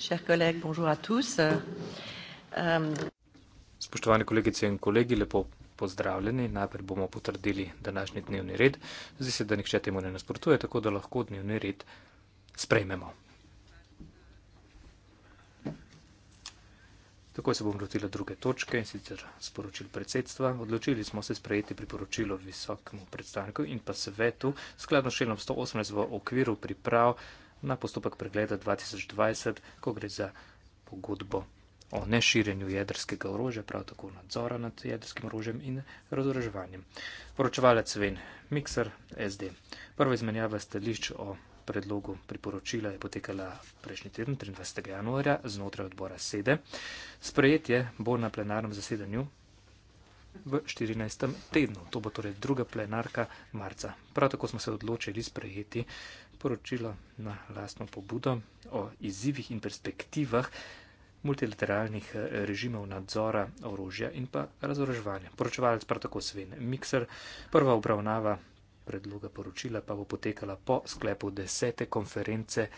Chers collègues, bonjour à tous. Euh, Spoštovani kolegice in kolegi, lepo pozdravljeni. Najprej bomo potrdili današnji dnevni red. Zdi se, da nihče temu ne nasprotuje, tako da lahko dnevni red sprejmemo. Tako se bom rotila druge točke in sicer sporočil predsedstva. Odločili smo se sprejeti priporočilo visokemu predstavniku in pa svetu skladno s členom 118 v okviru priprav na postopek pregleda 2020, ko gre za pogodbo o neširjenju jedrskega orožja, prav tako nadzora nad jedrskim orožjem in razoraževanjem. Poročevalec Ven Mikser, SD. Prva izmenjava stališč o predlogu priporočila je potekala prejšnji teden, 23. januarja, znotraj odbora sede. Sprejetje bo na plenarnem zasedanju v 14. tednu. To bo torej druga plenarka marca. Prav tako smo se odločili sprejeti poročilo na lastno pobudo o izzivih in perspektivah multilateralnih eh, režimov nadzora orožja in pa razoroževanja. Poročevalec prav tako Sven Mikser. Prva obravnava predloga poročila pa bo potekala po sklepu desete konference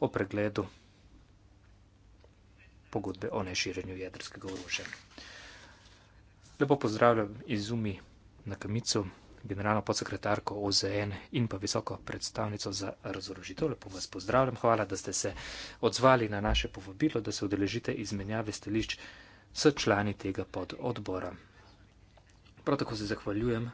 o pregledu pogodbe o neširjenju jedrskega orožja. Lepo pozdravljam izumi na kamico generalno podsekretarko OZN in pa visoko predstavnico za razorožitev. Lepo vas pozdravljam. Hvala, da ste se odzvali na naše povabilo, da se udeležite izmenjave stališč s člani tega pododbora. Prav tako se zahvaljujem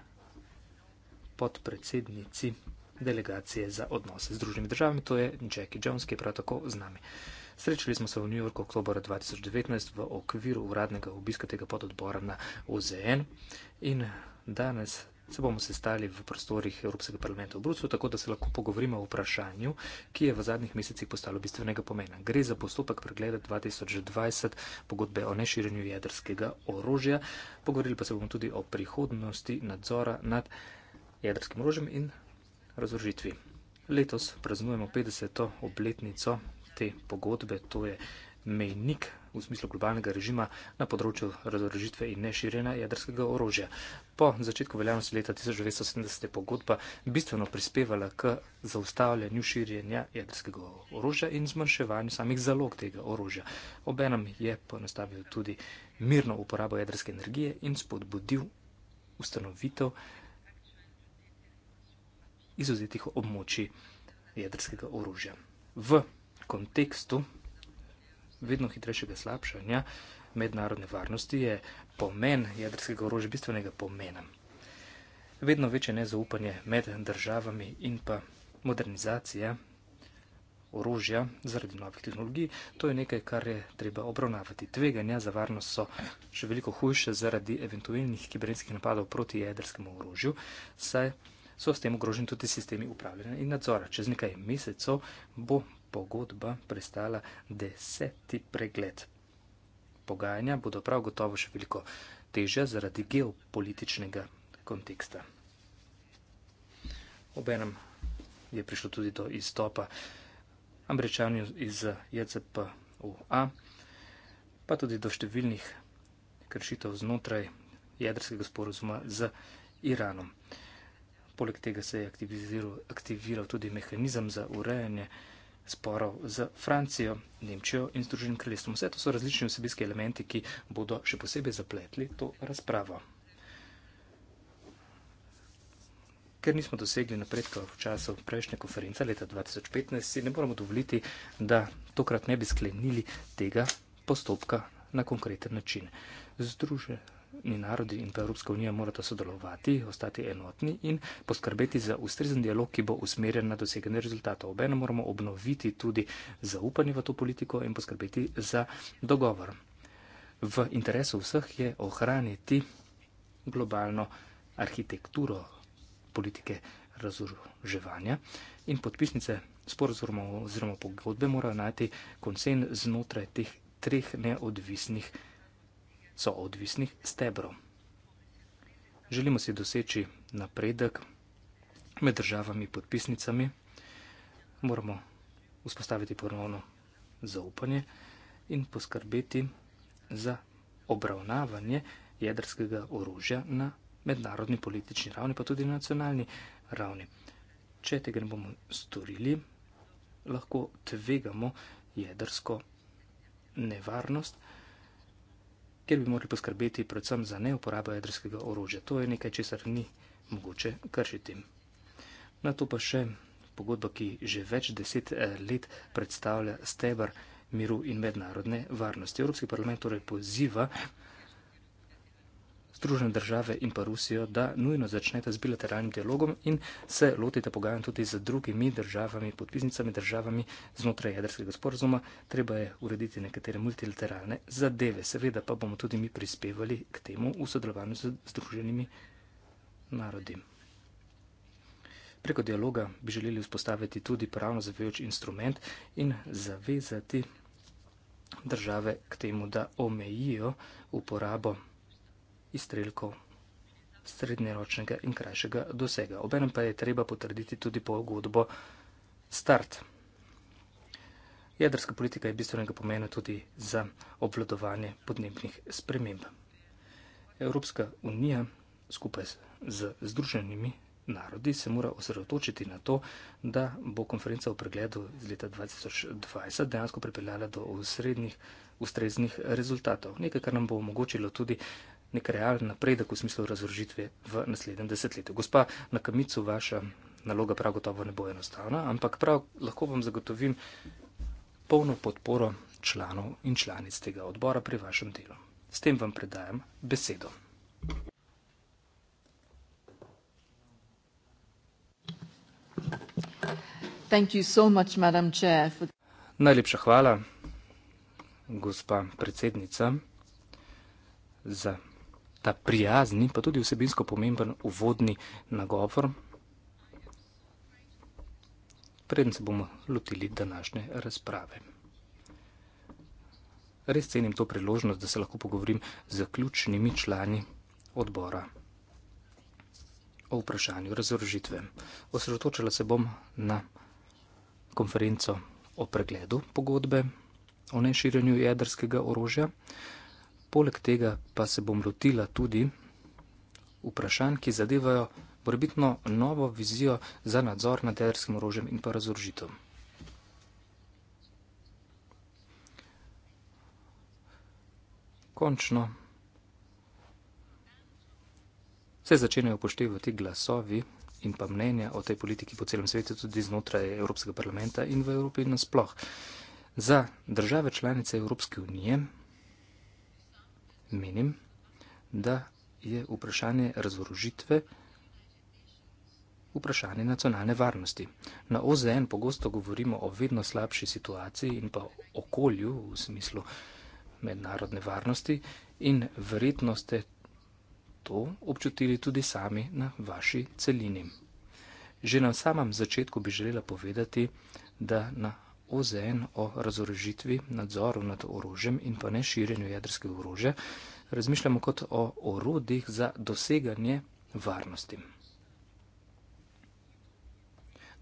podpredsednici delegacije za odnose z druženimi državami, to je Jackie Jones, ki je prav tako z nami. Srečali smo se v New Yorku oktober 2019 v okviru uradnega obiska tega pododbora na OZN in danes se bomo sestali v prostorih Evropskega parlamenta v Bruslu, tako da se lahko pogovorimo o vprašanju, ki je v zadnjih mesecih postalo bistvenega pomena. Gre za postopek pregleda 2020 pogodbe o neširjenju jedrskega orožja. Pogovorili pa se bomo tudi o prihodnosti nadzora nad jedrskim orožjem in razložitvi. Letos praznujemo 50. obletnico te pogodbe, to je mejnik v smislu globalnega režima na področju razorožitve in neširjenja jedrskega orožja. Po začetku veljavnosti leta 1970 je pogodba bistveno prispevala k zaustavljanju širjenja jedrskega orožja in zmanjševanju samih zalog tega orožja. Obenem je poenostavil tudi mirno uporabo jedrske energije in spodbudil ustanovitev izuzetih območij jedrskega orožja. V kontekstu vedno hitrejšega slabšanja mednarodne varnosti je pomen jedrskega orožja bistvenega pomena. Vedno večje nezaupanje med državami in pa modernizacija orožja zaradi novih tehnologij, to je nekaj, kar je treba obravnavati. Tveganja za varnost so še veliko hujše zaradi eventualnih kibernetskih napadov proti jedrskemu orožju, saj so s tem ogroženi tudi sistemi upravljanja in nadzora. Čez nekaj mesecev bo pogodba prestala deseti pregled. Pogajanja bodo prav gotovo še veliko težja zaradi geopolitičnega konteksta. Obenem je prišlo tudi do izstopa američanju iz JCPUA, pa tudi do številnih kršitev znotraj jedrskega sporozuma z Iranom. Poleg tega se je aktiviziral, aktiviral tudi mehanizem za urejanje sporov z Francijo, Nemčijo in Združenim kraljestvom. Vse to so različni vsebinski elementi, ki bodo še posebej zapletli to razpravo. Ker nismo dosegli napredka v času prejšnje konference leta 2015, si ne moramo dovoliti, da tokrat ne bi sklenili tega postopka na konkreten način. Združenje in narodi in pa Evropska unija morata sodelovati, ostati enotni in poskrbeti za ustrezen dialog, ki bo usmerjen na doseganje rezultatov. Obenem moramo obnoviti tudi zaupanje v to politiko in poskrbeti za dogovor. V interesu vseh je ohraniti globalno arhitekturo politike razorževanja in podpisnice sporozorma oziroma pogodbe morajo najti konsen znotraj teh treh neodvisnih politik so odvisnih stebrov. Želimo si doseči napredek med državami podpisnicami, moramo vzpostaviti ponovno zaupanje in poskrbeti za obravnavanje jedrskega orožja na mednarodni politični ravni, pa tudi na nacionalni ravni. Če tega ne bomo storili, lahko tvegamo jedrsko nevarnost kjer bi morali poskrbeti predvsem za neuporabo jedrskega orožja. To je nekaj, česar ni mogoče kršiti. Na to pa še pogodba, ki že več deset eh, let predstavlja stebr miru in mednarodne varnosti. Evropski parlament torej poziva Združene države in pa Rusijo, da nujno začnete z bilateralnim dialogom in se lotite pogajanj tudi z drugimi državami, podpisnicami državami znotraj jedrskega sporozuma. Treba je urediti nekatere multilateralne zadeve. Seveda pa bomo tudi mi prispevali k temu v sodelovanju z združenimi narodi. Preko dialoga bi želeli vzpostaviti tudi pravno zavejoč instrument in zavezati države k temu, da omejijo uporabo izstrelkov srednjeročnega in krajšega dosega. Obenem pa je treba potrditi tudi pogodbo start. Jedrska politika je bistvenega pomena tudi za obvladovanje podnebnih sprememb. Evropska unija skupaj z Združenimi narodi se mora osredotočiti na to, da bo konferenca v pregledu iz leta 2020 dejansko pripeljala do ustreznih rezultatov. Nekaj, kar nam bo omogočilo tudi nek realen napredek v smislu razrožitve v naslednjem desetletju. Gospa na kamicu, vaša naloga prav gotovo ne bo enostavna, ampak prav lahko vam zagotovim polno podporo članov in članic tega odbora pri vašem delu. S tem vam predajam besedo. So much, Chair, for... Najlepša hvala, gospa predsednica, za ta prijazni, pa tudi vsebinsko pomemben uvodni nagovor, preden se bomo lotili današnje razprave. Res cenim to priložnost, da se lahko pogovorim z ključnimi člani odbora o vprašanju razorožitve. Osredotočila se bom na konferenco o pregledu pogodbe o neširjenju jedrskega orožja poleg tega pa se bom lotila tudi vprašanj, ki zadevajo morbitno novo vizijo za nadzor nad jedrskim orožjem in pa razoržitom. Končno se začenjajo upoštevati glasovi in pa mnenja o tej politiki po celem svetu, tudi znotraj Evropskega parlamenta in v Evropi nasploh. Za države članice Evropske unije menim, da je vprašanje razvorožitve vprašanje nacionalne varnosti. Na OZN pogosto govorimo o vedno slabši situaciji in pa okolju v smislu mednarodne varnosti in verjetno ste to občutili tudi sami na vaši celini. Že na samem začetku bi želela povedati, da na OZN o razorožitvi, nadzoru nad orožjem in pa ne širjenju jedrskega orožja, razmišljamo kot o orodjih za doseganje varnosti.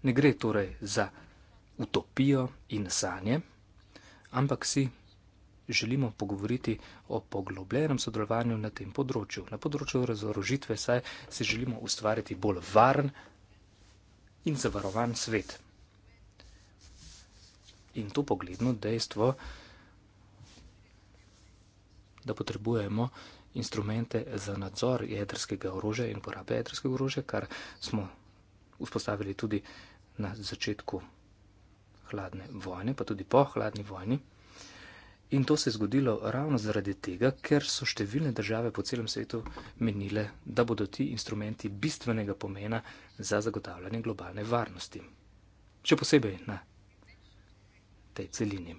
Ne gre torej za utopijo in sanje, ampak si želimo pogovoriti o poglobljenem sodelovanju na tem področju. Na področju razorožitve saj si želimo ustvariti bolj varen in zavarovan svet in to pogledno dejstvo, da potrebujemo instrumente za nadzor jedrskega orožja in porabe jedrskega orožja, kar smo vzpostavili tudi na začetku hladne vojne, pa tudi po hladni vojni. In to se je zgodilo ravno zaradi tega, ker so številne države po celem svetu menile, da bodo ti instrumenti bistvenega pomena za zagotavljanje globalne varnosti. Še posebej na tej celini.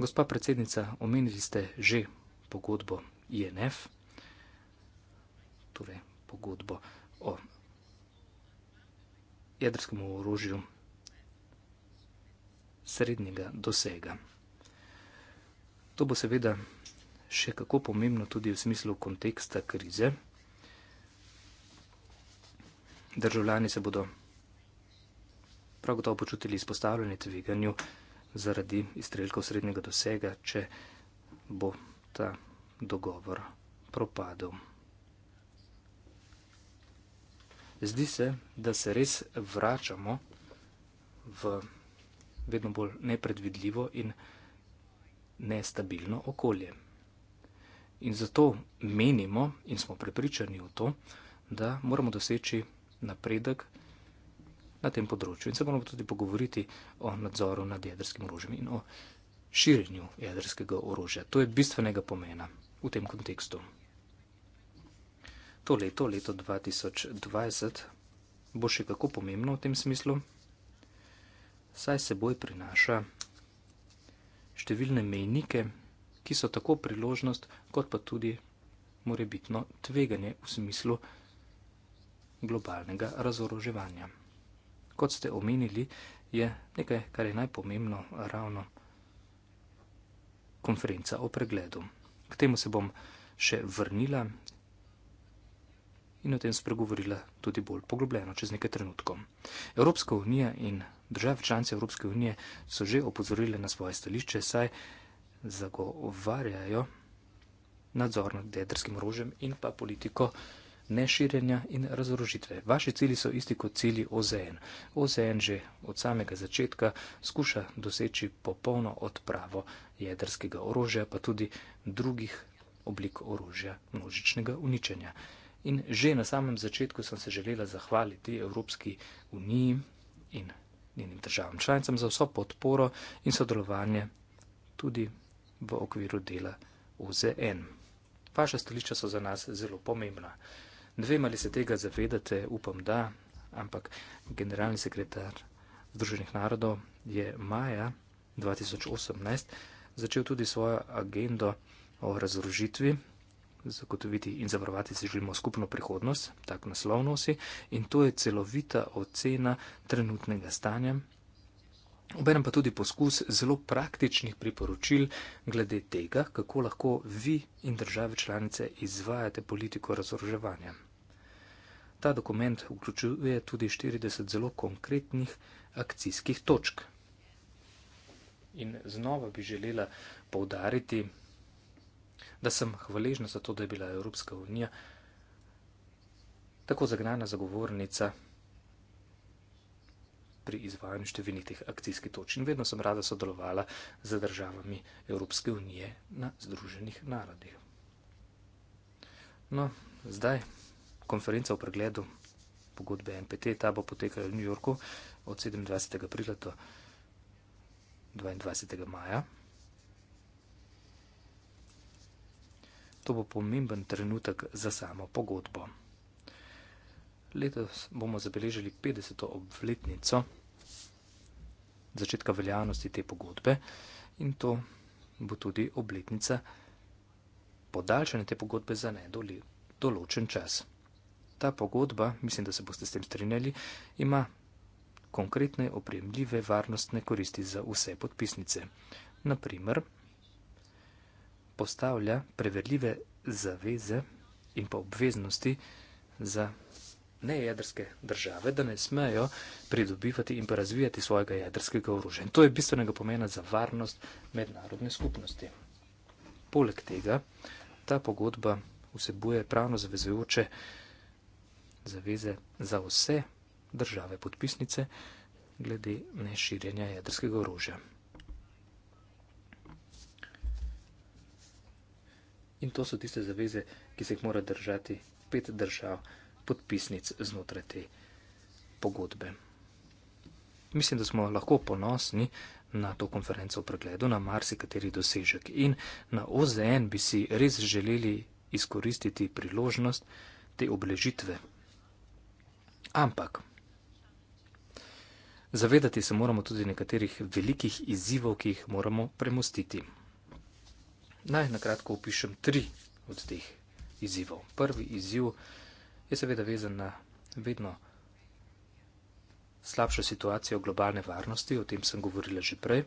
Gospa predsednica, omenili ste že pogodbo INF, torej pogodbo o jedrskem orožju srednjega dosega. To bo seveda še kako pomembno tudi v smislu konteksta krize. Državljani se bodo prav gotovo počutili izpostavljeni tveganju, zaradi izstrelkov srednjega dosega, če bo ta dogovor propadel. Zdi se, da se res vračamo v vedno bolj nepredvidljivo in nestabilno okolje. In zato menimo in smo prepričani v to, da moramo doseči napredek na tem področju. In se moramo tudi pogovoriti o nadzoru nad jedrskim orožjem in o širjenju jedrskega orožja. To je bistvenega pomena v tem kontekstu. To leto, leto 2020, bo še kako pomembno v tem smislu, saj seboj prinaša številne mejnike, ki so tako priložnost, kot pa tudi morebitno tveganje v smislu globalnega razoroževanja kot ste omenili, je nekaj, kar je najpomembno ravno konferenca o pregledu. K temu se bom še vrnila in o tem spregovorila tudi bolj poglobljeno čez nekaj trenutkov. Evropska unija in države članice Evropske unije so že opozorile na svoje stališče, saj zagovarjajo nadzor nad jedrskim orožjem in pa politiko neširjenja in razorožitve. Vaši cilji so isti kot cilji OZN. OZN že od samega začetka skuša doseči popolno odpravo jedrskega orožja, pa tudi drugih oblik orožja množičnega uničenja. In že na samem začetku sem se želela zahvaliti Evropski uniji in njenim državam članicam za vso podporo in sodelovanje tudi v okviru dela OZN. Vaša stolišča so za nas zelo pomembna. Ne vem, ali se tega zavedate, upam, da, ampak generalni sekretar Združenih narodov je maja 2018 začel tudi svojo agendo o razružitvi, zagotoviti in zavarovati si želimo skupno prihodnost, tak naslov nosi, in to je celovita ocena trenutnega stanja obenem pa tudi poskus zelo praktičnih priporočil glede tega, kako lahko vi in države članice izvajate politiko razorževanja. Ta dokument vključuje tudi 40 zelo konkretnih akcijskih točk. In znova bi želela povdariti, da sem hvaležna za to, da je bila Evropska unija tako zagnana zagovornica pri izvajanju številnih teh akcijskih točk in vedno sem rada sodelovala z državami Evropske unije na Združenih narodih. No, zdaj konferenca o pregledu pogodbe NPT, ta bo potekala v New Yorku od 27. aprila do 22. maja. To bo pomemben trenutek za samo pogodbo. Letos bomo zabeležili 50. obletnico začetka veljavnosti te pogodbe in to bo tudi obletnica podaljšanja te pogodbe za nedolji določen čas. Ta pogodba, mislim, da se boste s tem strinjali, ima konkretne opremljive varnostne koristi za vse podpisnice. Naprimer, postavlja preverljive zaveze in pa obveznosti za nejedrske države, da ne smejo pridobivati in pa razvijati svojega jedrskega orožja. In to je bistvenega pomena za varnost mednarodne skupnosti. Poleg tega, ta pogodba vsebuje pravno zavezujoče zaveze za vse države podpisnice glede neširjenja jedrskega orožja. In to so tiste zaveze, ki se jih mora držati pet držav podpisnic znotraj te pogodbe. Mislim, da smo lahko ponosni na to konferenco v pregledu, na marsikateri dosežek in na OZN bi si res želeli izkoristiti priložnost te obležitve. Ampak zavedati se moramo tudi nekaterih velikih izzivov, ki jih moramo premostiti. Naj nakratko opišem tri od teh izzivov. Prvi izziv je, je seveda vezan na vedno slabšo situacijo globalne varnosti, o tem sem govorila že prej.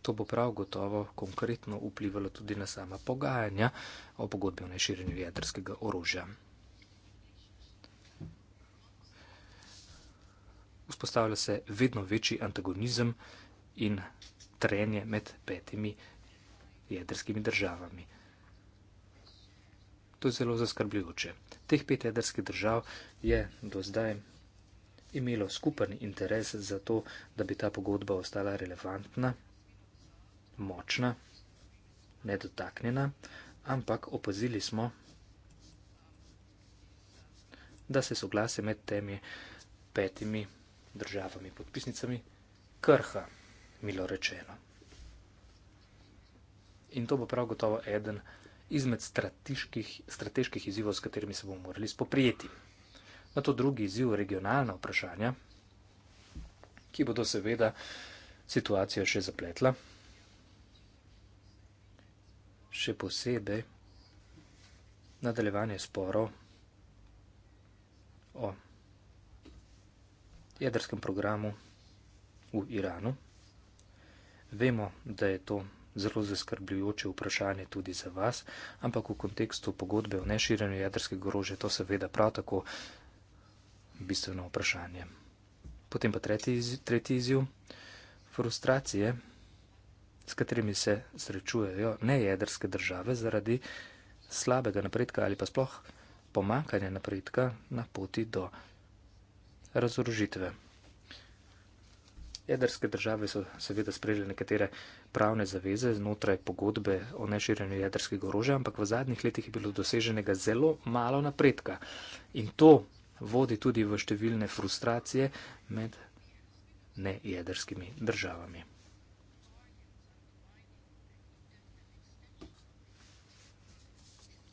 To bo prav gotovo konkretno vplivalo tudi na sama pogajanja o pogodbi o neširjenju jedrskega orožja. Vzpostavlja se vedno večji antagonizem in trenje med petimi jedrskimi državami. To je zelo zaskrbljujoče. Teh pet jedrskih držav je do zdaj imelo skupen interes za to, da bi ta pogodba ostala relevantna, močna, nedotaknjena, ampak opazili smo, da se soglase med temi petimi državami podpisnicami krha, milo rečeno. In to bo prav gotovo eden od izmed strateških izzivov, s katerimi se bomo morali spoprijeti. Na to drugi izziv, regionalna vprašanja, ki bodo seveda situacijo še zapletla, še posebej nadaljevanje sporo o jedrskem programu v Iranu. Vemo, da je to zelo zaskrbljujoče vprašanje tudi za vas, ampak v kontekstu pogodbe o neširjenju jedrskega orožja to seveda prav tako bistveno vprašanje. Potem pa tretji, tretji izjiv. Frustracije, s katerimi se srečujejo ne jedrske države zaradi slabega napredka ali pa sploh pomankanja napredka na poti do razorožitve. Jedrske države so seveda sprejeli nekatere pravne zaveze znotraj pogodbe o neširjenju jedrskega orožja, ampak v zadnjih letih je bilo doseženega zelo malo napredka. In to vodi tudi v številne frustracije med nejedrskimi državami.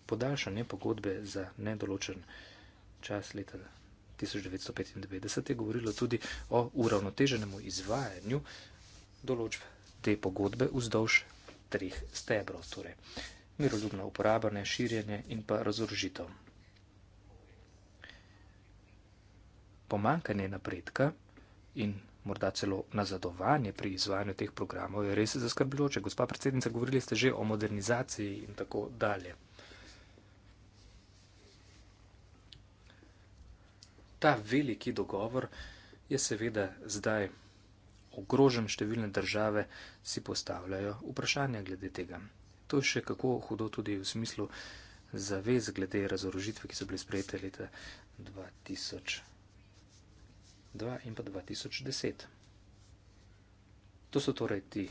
Podaljšanje pogodbe za nedoločen čas leta 1995 je govorilo tudi o uravnoteženemu izvajanju določb te pogodbe vzdolž treh stebrov, torej miroljubno uporabljanje, širjenje in pa razorožitev. Pomankanje napredka in morda celo nazadovanje pri izvajanju teh programov je res zaskrbljujoče. Gospa predsednica, govorili ste že o modernizaciji in tako dalje. Ta veliki dogovor je seveda zdaj ogrožen številne države si postavljajo vprašanja glede tega. To je še kako hudo tudi v smislu zavez glede razorožitve, ki so bile sprejete leta 2002 in pa 2010. To so torej ti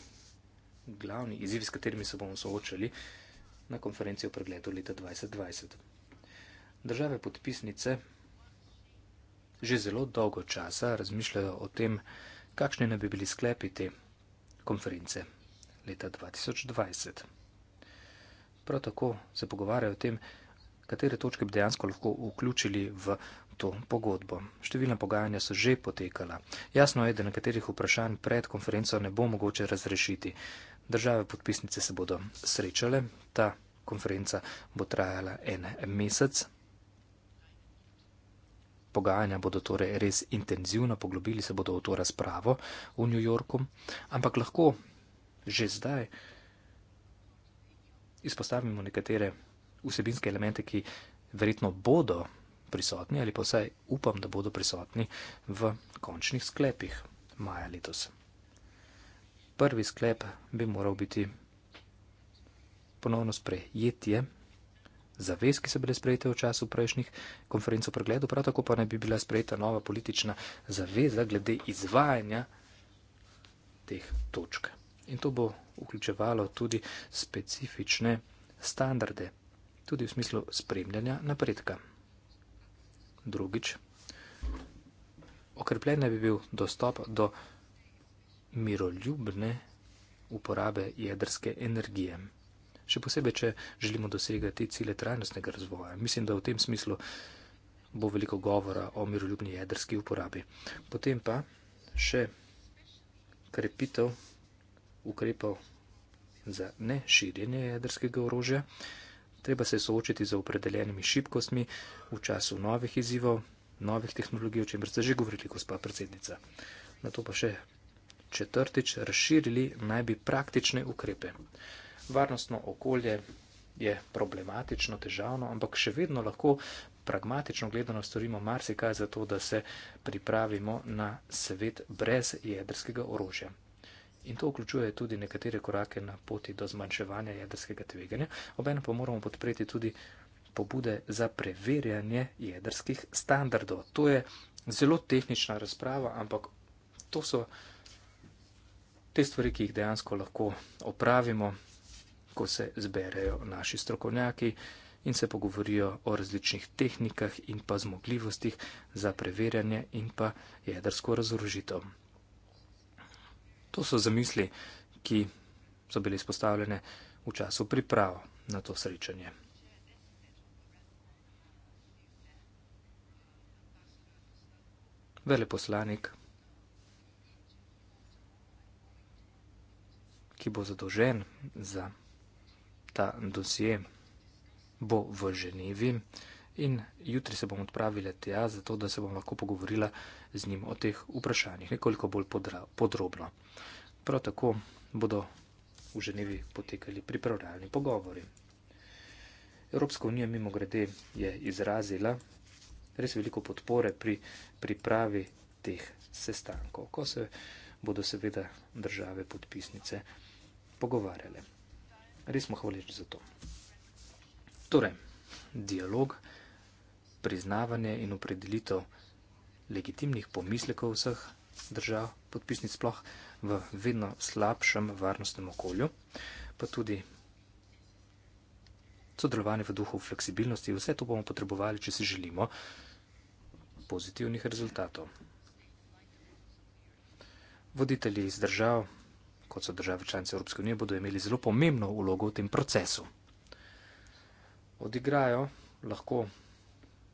glavni izzivi, s katerimi se bomo soočali na konferenci o pregledu leta 2020. Države podpisnice že zelo dolgo časa razmišljajo o tem, da kakšni naj bi bili sklepi te konference leta 2020. Prav tako se pogovarjajo o tem, katere točke bi dejansko lahko vključili v to pogodbo. Številna pogajanja so že potekala. Jasno je, da nekaterih vprašanj pred konferenco ne bo mogoče razrešiti. Države podpisnice se bodo srečale, ta konferenca bo trajala en mesec, pogajanja bodo torej res intenzivno poglobili, se bodo v to razpravo v New Yorku, ampak lahko že zdaj izpostavimo nekatere vsebinske elemente, ki verjetno bodo prisotni ali pa vsaj upam, da bodo prisotni v končnih sklepih maja letos. Prvi sklep bi moral biti ponovno sprejetje zavez, ki so bile sprejete v času prejšnjih konferenc o pregledu, prav tako pa ne bi bila sprejeta nova politična zaveza glede izvajanja teh točk. In to bo vključevalo tudi specifične standarde, tudi v smislu spremljanja napredka. Drugič, okrepljen bi bil dostop do miroljubne uporabe jedrske energije še posebej, če želimo dosegati cilje trajnostnega razvoja. Mislim, da v tem smislu bo veliko govora o miroljubni jedrski uporabi. Potem pa še krepitev ukrepov za ne širjenje jedrskega orožja. Treba se soočiti z opredeljenimi šibkostmi v času novih izzivov, novih tehnologij, o čemer ste že govorili, gospa predsednica. Na to pa še četrtič, razširili naj bi praktične ukrepe. Varnostno okolje je problematično, težavno, ampak še vedno lahko pragmatično gledano storimo marsikaj za to, da se pripravimo na svet brez jedrskega orožja. In to vključuje tudi nekatere korake na poti do zmanjševanja jedrskega tveganja. Obenem pa moramo podpreti tudi pobude za preverjanje jedrskih standardov. To je zelo tehnična razprava, ampak to so te stvari, ki jih dejansko lahko opravimo ko se zberejo naši strokovnjaki in se pogovorijo o različnih tehnikah in pa zmogljivostih za preverjanje in pa jedrsko razorožitev. To so zamisli, ki so bile izpostavljene v času priprav na to srečanje. Veleposlanik, ki bo zadolžen za ta dosje bo v Ženevi in jutri se bom odpravila tja, zato da se bom lahko pogovorila z njim o teh vprašanjih nekoliko bolj podra, podrobno. Prav tako bodo v Ženevi potekali pripravljalni pogovori. Evropska unija, mimo grede, je izrazila res veliko podpore pri pripravi teh sestankov, ko se bodo seveda države podpisnice pogovarjale res smo hvaležni za to. Torej, dialog, priznavanje in opredelitev legitimnih pomislekov vseh držav, podpisnic sploh v vedno slabšem varnostnem okolju, pa tudi sodelovanje v duhu fleksibilnosti, vse to bomo potrebovali, če si želimo pozitivnih rezultatov. Voditelji iz držav, kot so države članice Evropske unije, bodo imeli zelo pomembno ulogo v tem procesu. Odigrajo lahko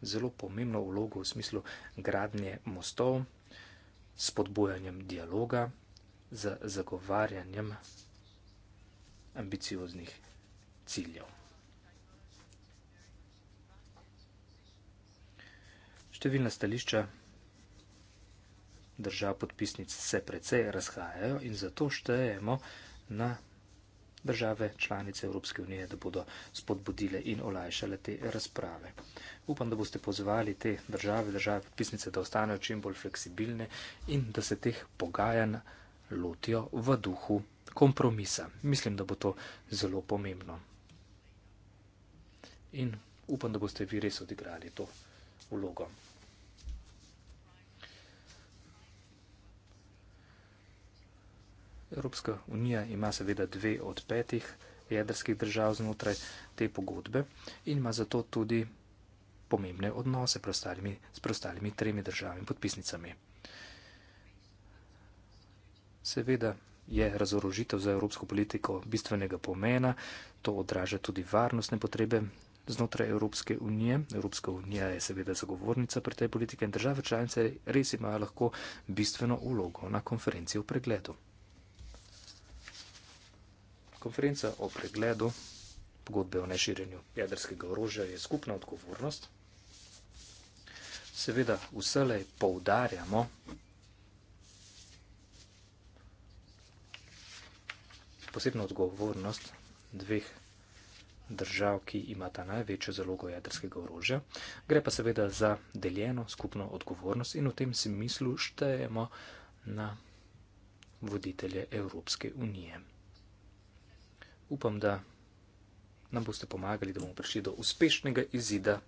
zelo pomembno ulogo v smislu gradnje mostov, spodbujanjem dialoga, z zagovarjanjem ambicioznih ciljev. Številna stališča držav podpisnic se precej razhajajo in zato štejemo na države članice Evropske unije, da bodo spodbudile in olajšale te razprave. Upam, da boste pozvali te države, države podpisnice, da ostanejo čim bolj fleksibilne in da se teh pogajanj lotijo v duhu kompromisa. Mislim, da bo to zelo pomembno. In upam, da boste vi res odigrali to vlogo. Evropska unija ima seveda dve od petih jedrskih držav znotraj te pogodbe in ima zato tudi pomembne odnose prostalimi, s prostalimi tremi državami podpisnicami. Seveda je razorožitev za evropsko politiko bistvenega pomena, to odraža tudi varnostne potrebe znotraj Evropske unije. Evropska unija je seveda zagovornica pri tej politiki in države članice res imajo lahko bistveno ulogo na konferenci o pregledu. Konferenca o pregledu pogodbe o neširjenju jedrskega orožja je skupna odgovornost. Seveda vselej poudarjamo, posebno odgovornost dveh držav, ki imata največjo zalogo jedrskega orožja. Gre pa seveda za deljeno skupno odgovornost in v tem smislu štejemo na voditelje Evropske unije upam, da nam boste pomagali, da bomo prišli do uspešnega izida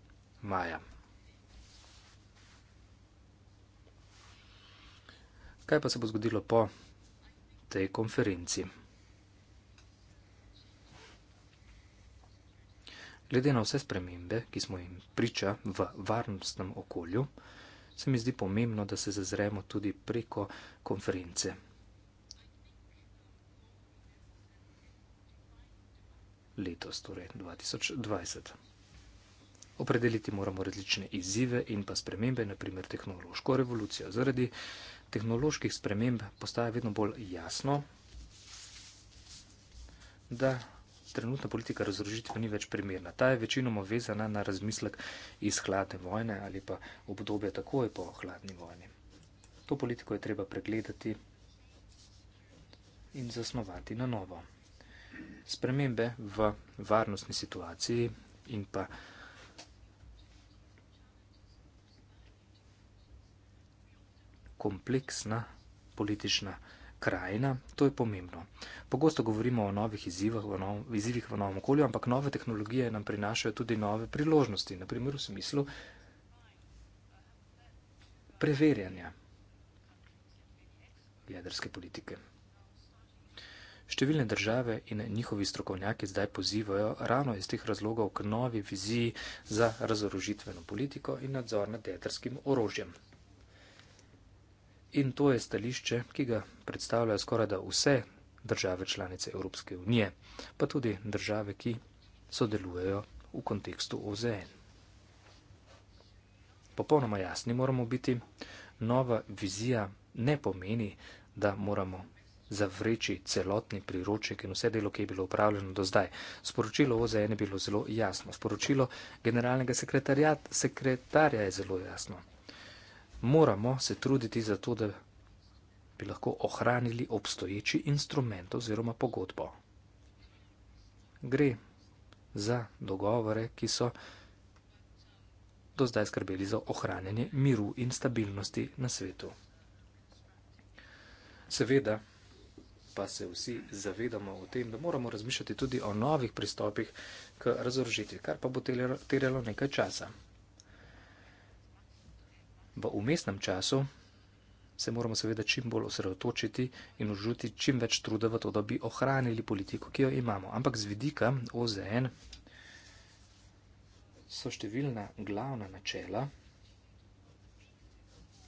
maja. Kaj pa se bo zgodilo po tej konferenci? Glede na vse spremembe, ki smo jim priča v varnostnem okolju, se mi zdi pomembno, da se zazremo tudi preko konference letos, torej 2020. Opredeliti moramo različne izzive in pa spremembe, naprimer tehnološko revolucijo. Zaradi tehnoloških sprememb postaja vedno bolj jasno, da trenutna politika razrožitve ni več primerna. Ta je večinoma vezana na razmislek iz hladne vojne ali pa obdobje takoj po hladni vojni. To politiko je treba pregledati in zasnovati na novo spremembe v varnostni situaciji in pa kompleksna politična krajina, to je pomembno. Pogosto govorimo o novih izzivih, o nov, izzivih v novem okolju, ampak nove tehnologije nam prinašajo tudi nove priložnosti, naprimer v smislu preverjanja jedrske politike. Številne države in njihovi strokovnjaki zdaj pozivajo ravno iz teh razlogov k novi viziji za razorožitveno politiko in nadzor nad jedrskim orožjem. In to je stališče, ki ga predstavljajo skoraj da vse države članice Evropske unije, pa tudi države, ki sodelujejo v kontekstu OZN. Popolnoma jasni moramo biti, nova vizija ne pomeni, da moramo zavreči celotni priroček in vse delo, ki je bilo upravljeno do zdaj. Sporočilo OZN je bilo zelo jasno. Sporočilo generalnega sekretarja je zelo jasno. Moramo se truditi za to, da bi lahko ohranili obstoječi instrument oziroma pogodbo. Gre za dogovore, ki so do zdaj skrbeli za ohranjanje miru in stabilnosti na svetu. Seveda, pa se vsi zavedamo o tem, da moramo razmišljati tudi o novih pristopih k razorožitvi, kar pa bo terjalo nekaj časa. V umestnem času se moramo seveda čim bolj osredotočiti in užiti čim več truda v to, da bi ohranili politiko, ki jo imamo. Ampak z vidika OZN so številna glavna načela,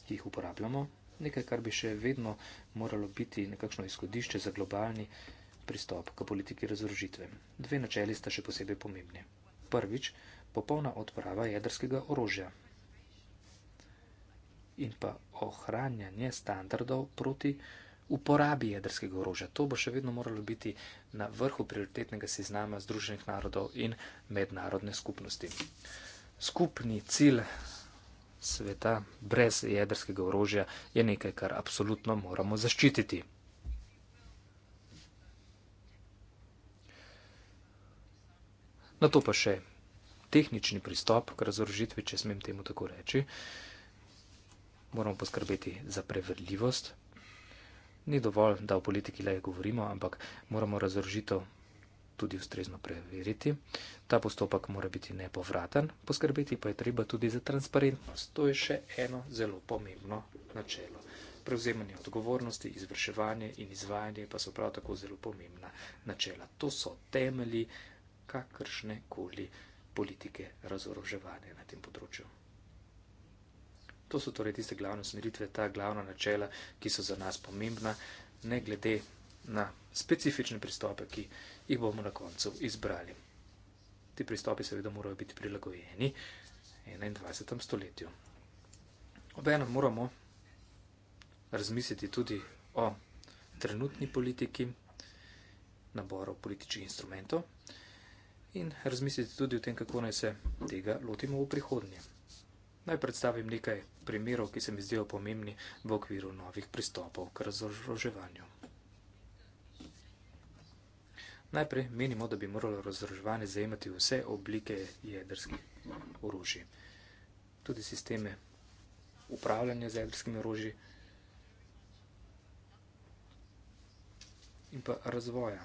ki jih uporabljamo, nekaj, kar bi še vedno moralo biti nekakšno izhodišče za globalni pristop k politiki razorožitve. Dve načeli sta še posebej pomembni. Prvič, popolna odprava jedrskega orožja in pa ohranjanje standardov proti uporabi jedrskega orožja. To bo še vedno moralo biti na vrhu prioritetnega seznama Združenih narodov in mednarodne skupnosti. Skupni cilj sveta brez jedrskega orožja je nekaj, kar absolutno moramo zaščititi. Na to pa še tehnični pristop k razorožitvi, če smem temu tako reči. Moramo poskrbeti za preverljivost. Ni dovolj, da o politiki le govorimo, ampak moramo razorožitev tudi ustrezno preveriti. Ta postopek mora biti nepovraten, poskrbeti pa je treba tudi za transparentnost. To je še eno zelo pomembno načelo. Prevzemanje odgovornosti, izvrševanje in izvajanje pa so prav tako zelo pomembna načela. To so temelji kakršne koli politike razoroževanja na tem področju. To so torej tiste glavne smeritve, ta glavna načela, ki so za nas pomembna, ne glede na specifične pristope, ki jih jih bomo na koncu izbrali. Ti pristopi seveda morajo biti prilagojeni 21. stoletju. Obenem moramo razmisliti tudi o trenutni politiki, naboru političnih instrumentov in razmisliti tudi o tem, kako naj se tega lotimo v prihodnje. Naj predstavim nekaj primerov, ki se mi zdijo pomembni v okviru novih pristopov k razorožovanju. Najprej menimo, da bi moralo razdruževanje zajemati vse oblike jedrskih orožij. Tudi sisteme upravljanja z jedrskimi orožji in pa razvoja.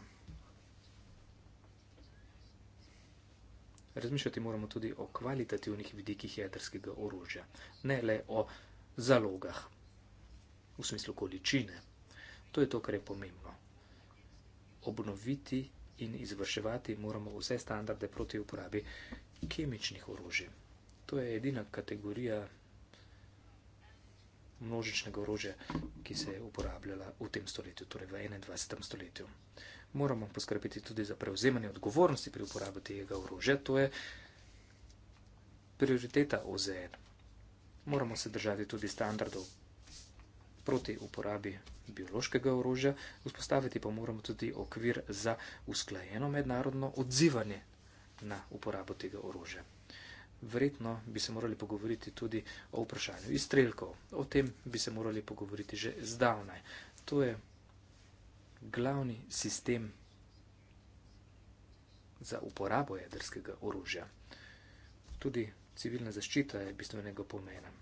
Razmišljati moramo tudi o kvalitativnih vidikih jedrskega orožja, ne le o zalogah, v smislu količine. To je to, kar je pomembno obnoviti in izvrševati moramo vse standarde proti uporabi kemičnih orožij. To je edina kategorija množičnega orožja, ki se je uporabljala v tem stoletju, torej v 21. stoletju. Moramo poskrbeti tudi za prevzemanje odgovornosti pri uporabi tega orožja, to je prioriteta OZN. Moramo se držati tudi standardov proti uporabi biološkega orožja, vzpostaviti pa moramo tudi okvir za usklajeno mednarodno odzivanje na uporabo tega orožja. Verjetno bi se morali pogovoriti tudi o vprašanju izstrelkov. O tem bi se morali pogovoriti že zdavnaj. To je glavni sistem za uporabo jedrskega orožja. Tudi civilna zaščita je bistvenega pomena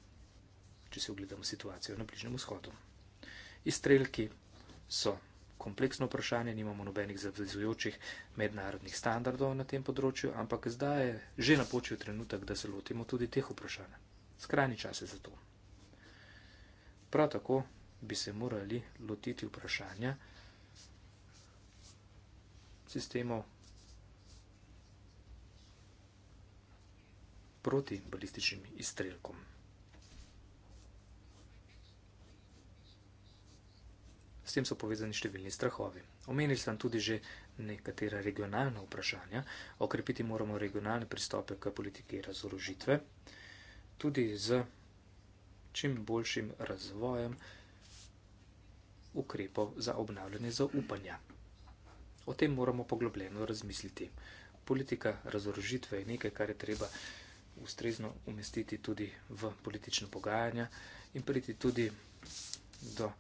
če se ogledamo situacijo na Bližnjem vzhodu. Izstrelki so kompleksno vprašanje, nimamo nobenih zavezujočih mednarodnih standardov na tem področju, ampak zdaj je že napočil trenutek, da se lotimo tudi teh vprašanj. Skrajni čas je za to. Prav tako bi se morali lotiti vprašanja sistemov proti balističnim izstrelkom. S tem so povezani številni strahovi. Omenili sem tudi že nekatera regionalna vprašanja. Okrepiti moramo regionalne pristope k politiki razorožitve, tudi z čim boljšim razvojem ukrepov za obnavljanje zaupanja. O tem moramo poglobljeno razmisliti. Politika razorožitve je nekaj, kar je treba ustrezno umestiti tudi v politično pogajanja in priti tudi do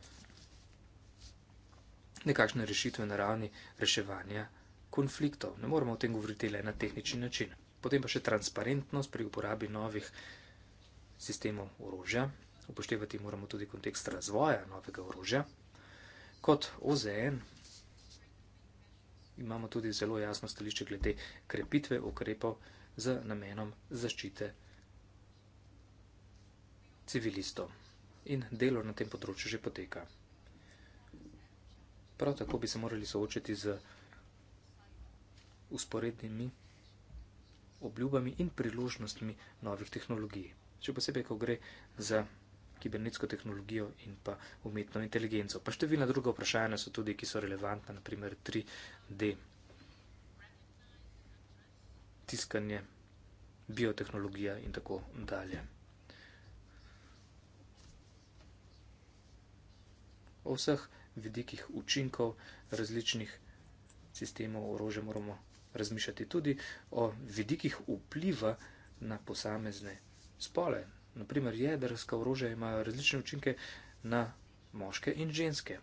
nekakšne rešitve na ravni reševanja konfliktov. Ne moremo o tem govoriti le na tehnični način. Potem pa še transparentnost pri uporabi novih sistemov orožja. Upoštevati moramo tudi kontekst razvoja novega orožja. Kot OZN imamo tudi zelo jasno stališče glede krepitve ukrepov z namenom zaščite civilistov. In delo na tem področju že poteka. Prav tako bi se morali soočiti z usporednimi obljubami in priložnostmi novih tehnologij. Še posebej, ko gre za kibernetsko tehnologijo in pa umetno inteligenco. Pa številna druga vprašanja so tudi, ki so relevantna, naprimer 3D, tiskanje, biotehnologija in tako dalje. O vseh vprašanjah vidikih učinkov različnih sistemov orožja moramo razmišljati tudi o vidikih vpliva na posamezne spole. Naprimer, jedrska orožja ima različne učinke na moške in ženske.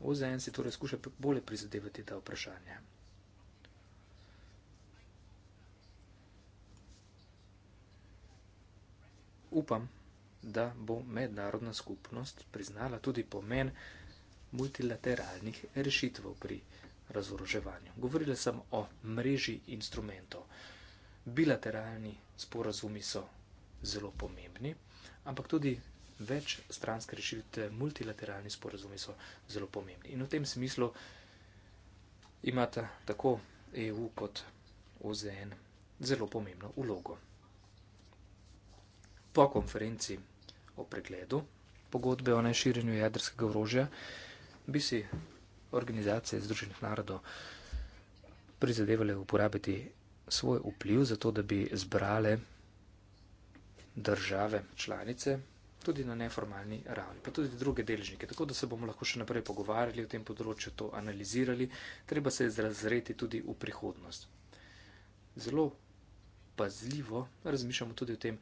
OZN si torej skuša bolje prizadevati ta vprašanja. Upam da bo mednarodna skupnost priznala tudi pomen multilateralnih rešitev pri razoroževanju. Govorila sem o mreži instrumentov. Bilateralni sporazumi so zelo pomembni, ampak tudi več stranske rešitve, multilateralni sporazumi so zelo pomembni. In v tem smislu imata tako EU kot OZN zelo pomembno ulogo. Po konferenci o pregledu pogodbe o neširjenju jedrskega orožja, bi si organizacije Združenih narodov prizadevale uporabiti svoj vpliv za to, da bi zbrale države članice tudi na neformalni ravni, pa tudi druge deležnike, tako da se bomo lahko še naprej pogovarjali o tem področju, to analizirali, treba se razreti tudi v prihodnost. Zelo pazljivo razmišljamo tudi o tem,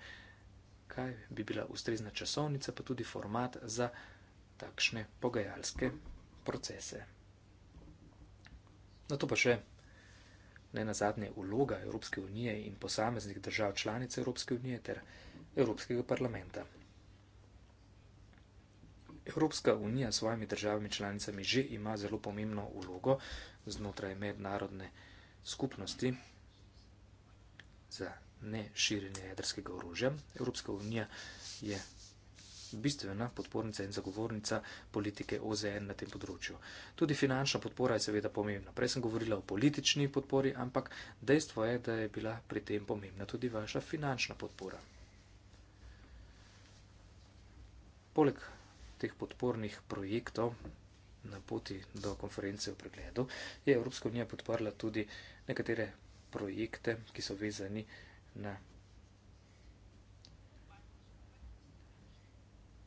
kaj bi bila ustrezna časovnica, pa tudi format za takšne pogajalske procese. Na to pa še ne na zadnje uloga Evropske unije in posameznih držav članic Evropske unije ter Evropskega parlamenta. Evropska unija s svojimi državami članicami že ima zelo pomembno ulogo znotraj mednarodne skupnosti za ne širjenje jedrskega orožja. Evropska unija je bistvena podpornica in zagovornica politike OZN na tem področju. Tudi finančna podpora je seveda pomembna. Prej sem govorila o politični podpori, ampak dejstvo je, da je bila pri tem pomembna tudi vaša finančna podpora. Poleg teh podpornih projektov na poti do konference o pregledu je Evropska unija podparila tudi nekatere projekte, ki so vezani na Ne.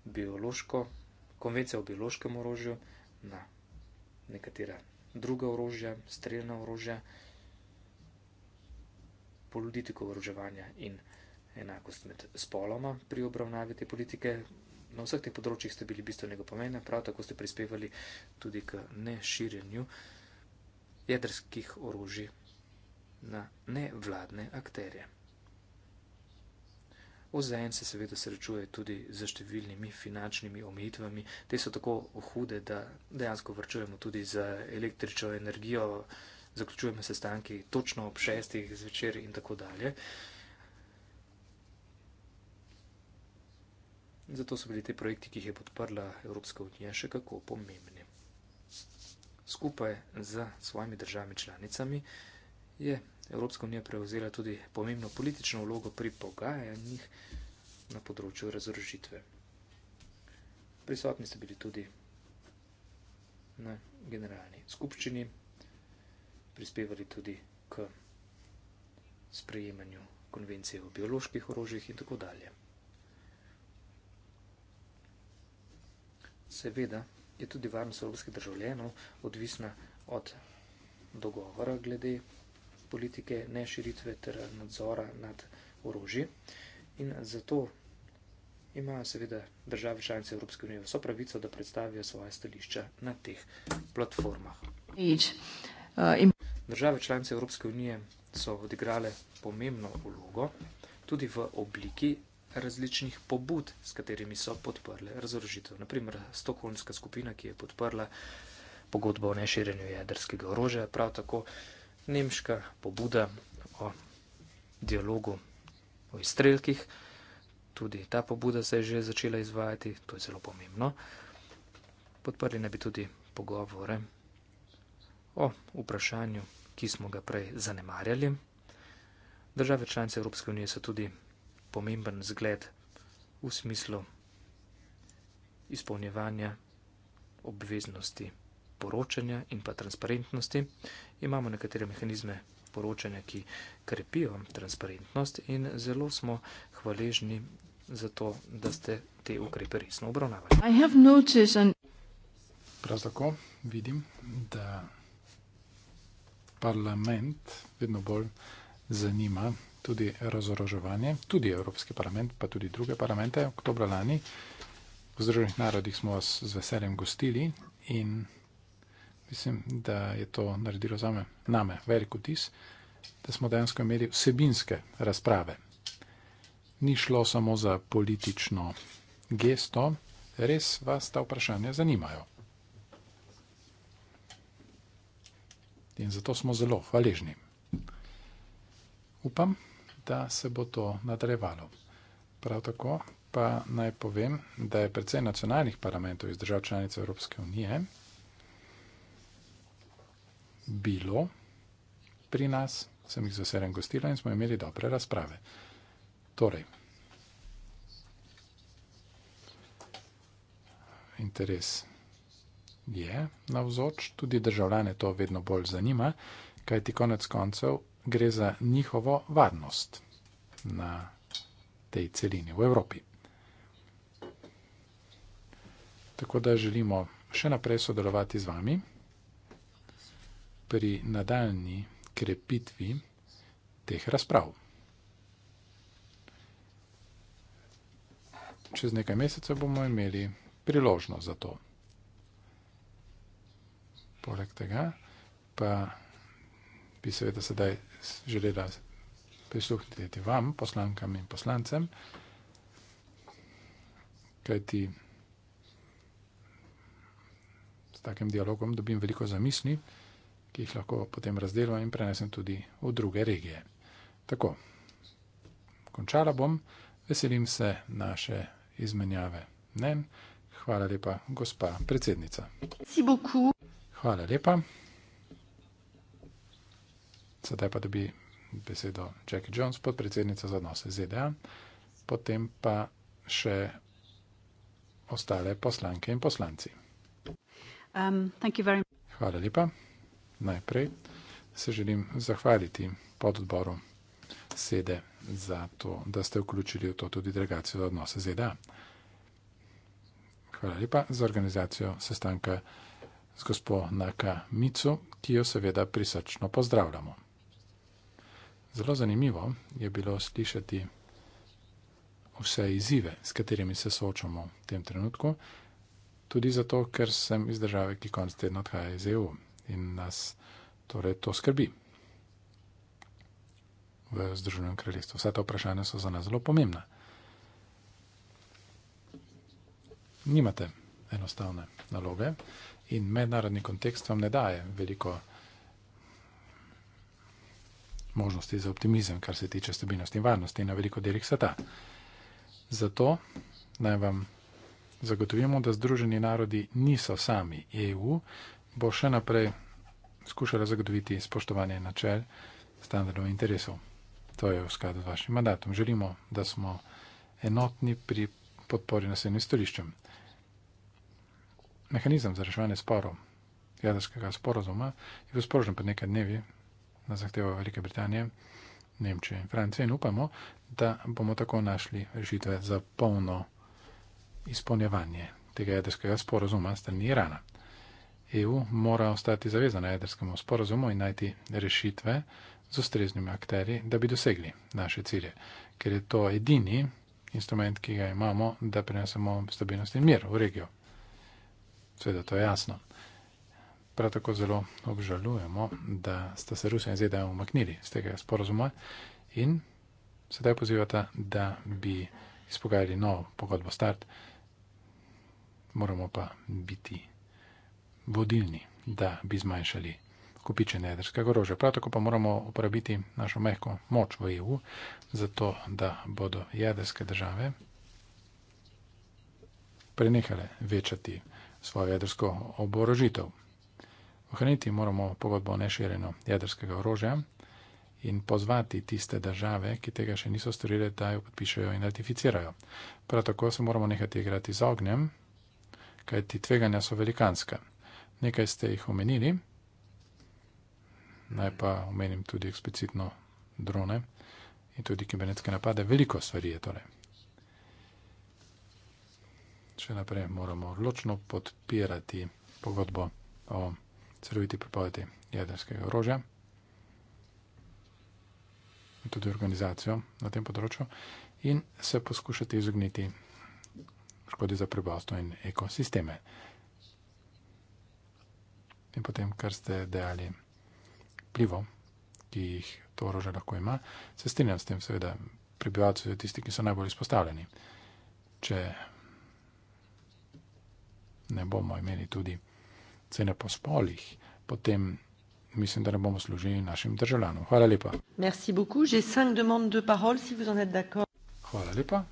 Biološko, konvencija o biološkem orožju, ne. Nekatera druga orožja, strelna orožja, politiko oroževanja in enakost med spoloma pri obravnavi te politike. Na vseh teh področjih ste bili bistvenega pomena, prav tako ste prispevali tudi k ne širjenju jedrskih orožij na nevladne akterje. OZN se seveda srečuje tudi z številnimi finančnimi omejitvami. Te so tako hude, da dejansko vrčujemo tudi za električno energijo, zaključujemo sestanki točno ob šestih zvečer in tako dalje. Zato so bili te projekti, ki jih je podprla Evropska unija, še kako pomembni. Skupaj z svojimi državami članicami je Evropska unija prevzela tudi pomembno politično vlogo pri pogajanjih na področju razrožitve. Prisotni so bili tudi na generalni skupščini, prispevali tudi k sprejemanju konvencije o bioloških orožjih in tako dalje. Seveda je tudi varnost evropskih državljanov odvisna od dogovora glede politike ne širitve ter nadzora nad orožji. In zato imajo seveda države članice Evropske unije vso pravico, da predstavijo svoje stališča na teh platformah. Države članice Evropske unije so odigrale pomembno vlogo tudi v obliki različnih pobud, s katerimi so podprle razorožitev. Naprimer, Stokholmska skupina, ki je podprla pogodbo o neširjenju jedrskega orožja, prav tako uh, nemška pobuda o dialogu o izstrelkih. Tudi ta pobuda se je že začela izvajati, to je zelo pomembno. Podprli naj bi tudi pogovore o vprašanju, ki smo ga prej zanemarjali. Države članice Evropske unije so tudi pomemben zgled v smislu izpolnjevanja obveznosti poročanja in pa transparentnosti. Imamo nekatere mehanizme poročanja, ki krepijo transparentnost in zelo smo hvaležni za to, da ste te ukrepe resno obravnavali. Prav tako vidim, da parlament vedno bolj zanima tudi razoroževanje, tudi Evropski parlament, pa tudi druge parlamente. Oktober lani v Združenih narodih smo vas z veseljem gostili in mislim, da je to naredilo za me, name velik vtis, da smo dejansko imeli vsebinske razprave. Ni šlo samo za politično gesto, res vas ta vprašanja zanimajo. In zato smo zelo hvaležni. Upam, da se bo to nadaljevalo. Prav tako pa naj povem, da je predvsej nacionalnih parlamentov iz držav članic Evropske unije bilo pri nas, sem jih z veseljem gostila in smo imeli dobre razprave. Torej, interes je navzoč, tudi državljane to vedno bolj zanima, kaj ti konec koncev gre za njihovo varnost na tej celini v Evropi. Tako da želimo še naprej sodelovati z vami pri nadaljni krepitvi teh razprav. Čez nekaj mesecev bomo imeli priložnost za to. Poleg tega pa bi seveda sedaj želela prisluhniti vam, poslankam in poslancem, kajti s takim dialogom dobim veliko zamisli, ki jih lahko potem razdelim in prenesem tudi v druge regije. Tako, končala bom, veselim se naše izmenjave mnen. Hvala lepa, gospa predsednica. Hvala lepa. Sedaj pa dobi besedo Jackie Jones, podpredsednica za odnose ZDA, potem pa še ostale poslanke in poslanci. Um, Hvala lepa. Najprej se želim zahvaliti pod odboru sede za to, da ste vključili v to tudi delegacijo odnose ZDA. Hvala lepa za organizacijo sestanka z gospo Naka Mico, ki jo seveda prisrčno pozdravljamo. Zelo zanimivo je bilo slišati vse izzive, s katerimi se soočamo v tem trenutku, tudi zato, ker sem iz države, ki konc tedna odhaja iz EU in nas torej to skrbi v Združenem kraljestvu. Vsa ta vprašanja so za nas zelo pomembna. Nimate enostavne naloge in mednarodni kontekst vam ne daje veliko možnosti za optimizem, kar se tiče stabilnosti in varnosti na veliko delih sveta. Zato naj vam zagotovimo, da Združeni narodi niso sami EU, bo še naprej skušala zagotoviti spoštovanje načel, standardov in interesov. To je v skladu z vašim mandatom. Želimo, da smo enotni pri podpori naseljenim stoliščem. Mehanizem za reševanje sporov jadrskega sporozuma je bil sporožen pred nekaj dnevi na zahtevo Velike Britanije, Nemčije in Francije in upamo, da bomo tako našli rešitve za polno izpolnjevanje tega jadrskega sporozuma strani Irana. EU mora ostati zavezana jedrskemu sporazumu in najti rešitve z ustreznimi akteri, da bi dosegli naše cilje, ker je to edini instrument, ki ga imamo, da prinesemo stabilnost in mir v regijo. Seveda to je jasno. Prav tako zelo obžalujemo, da sta se Rusija in ZDA umaknili z tega sporozuma in sedaj pozivata, da bi izpogajali novo pogodbo start. Moramo pa biti vodilni, da bi zmanjšali kopičenje jedrskega orožja. Prav tako pa moramo uporabiti našo mehko moč v EU, zato da bodo jedrske države prenehale večati svojo jedrsko oborožitev. Ohraniti moramo pogodbo o neširjenju jedrskega orožja in pozvati tiste države, ki tega še niso storile, da jo podpišajo in ratificirajo. Prav tako se moramo nehati igrati z ognjem, kajti tveganja so velikanska. Nekaj ste jih omenili, naj pa omenim tudi eksplicitno drone in tudi kibernetske napade. Veliko stvari je torej. Še naprej moramo odločno podpirati pogodbo o celoviti prepovedi jedrskega orožja in tudi organizacijo na tem področju in se poskušati izogniti škodi za prebivalstvo in ekosisteme in potem, kar ste dejali, plivo, ki jih to orožje lahko ima, se strinjam s tem, seveda, prebivalci so tisti, ki so najbolj izpostavljeni. Če ne bomo imeli tudi cene po spolih, potem mislim, da ne bomo služili našim državljanom. Hvala lepa. Hvala lepa.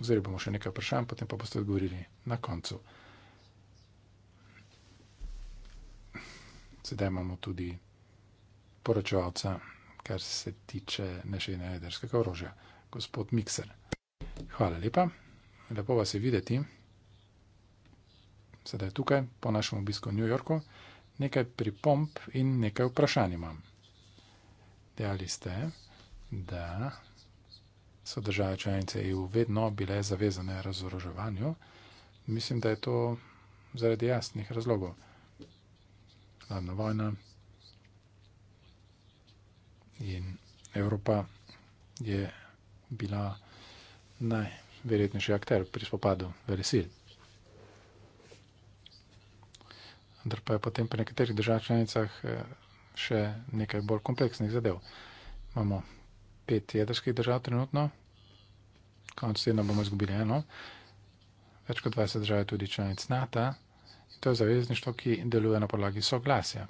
Oziroma, bomo še nekaj vprašanj, potem pa boste odgovorili na koncu. Sedaj imamo tudi poročevalca, kar se tiče nešene jedrskega orožja, gospod Mikser. Hvala lepa, lepo vas je videti. Sedaj tukaj, po našem obisku v New Yorku, nekaj pripomp in nekaj vprašanj imam. Dejali ste, da so države članice EU vedno bile zavezane razoroževanju. Mislim, da je to zaradi jasnih razlogov. Hladna vojna in Evropa je bila najverjetnejši akter pri spopadu veresil. Ampak pa je potem pri nekaterih državah članicah eh, še nekaj bolj kompleksnih zadev. Imamo pet jedrskih držav trenutno. Konec tedna bomo izgubili eno. Več kot 20 držav je tudi članic NATO. In to je zavezništvo, ki deluje na podlagi soglasja.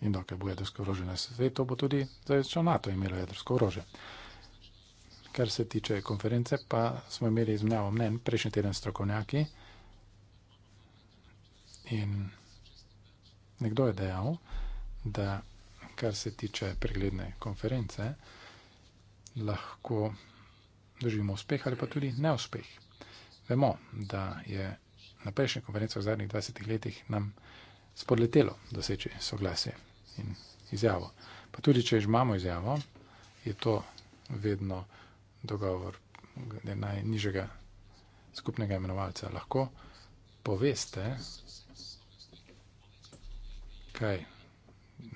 In dokaj bo jedrsko orožje na svetu, bo tudi zavezništvo NATO imelo jedrsko orožje. Kar se tiče konference, pa smo imeli izmenjavo mnen prejšnji teden strokovnjaki. In nekdo je dejal, da kar se tiče pregledne konference, lahko doživimo uspeh ali pa tudi neuspeh. Vemo, da je na prejšnjih konferencah v zadnjih 20 letih nam spodletelo doseči soglasje in izjavo. Pa tudi, če že imamo izjavo, je to vedno dogovor najnižjega skupnega imenovalca. Lahko poveste kaj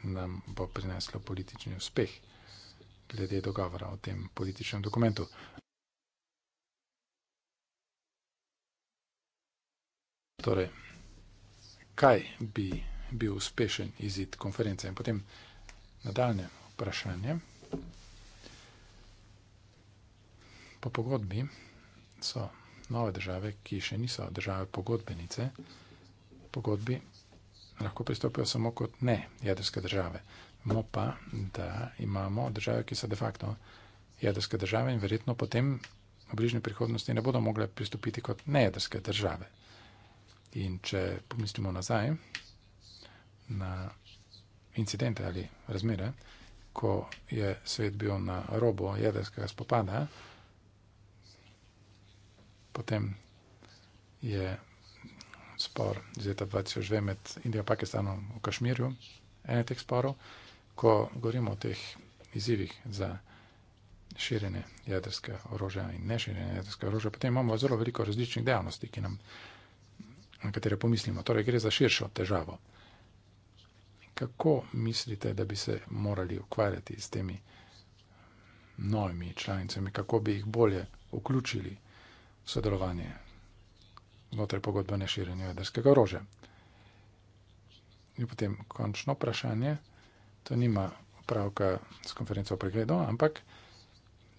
nam bo prineslo politični uspeh glede dogovora o tem političnem dokumentu. Torej, kaj bi bil uspešen izid konference? In potem nadaljne vprašanje. Po pogodbi so nove države, ki še niso države pogodbenice, pogodbi lahko pristopijo samo kot ne jedrske države. Vemo pa, da imamo države, ki so de facto jedrske države in verjetno potem v bližnji prihodnosti ne bodo mogle pristopiti kot ne jedrske države. In če pomislimo nazaj na incidente ali razmere, ko je svet bil na robu jedrskega spopada, potem je spor iz leta 2002 med Indijo in Pakistanom v Kašmirju, ene teh sporov, ko govorimo o teh izzivih za širjenje jedrske orožja in neširjenje jedrske orožja, potem imamo zelo veliko različnih dejavnosti, ki nam, na katere pomislimo. Torej gre za širšo težavo. Kako mislite, da bi se morali ukvarjati s temi novimi članicami, kako bi jih bolje vključili v sodelovanje? znotraj pogodbe o neširjenju jedrskega orožja. In potem končno vprašanje, to nima upravka s konferenco o pregledu, ampak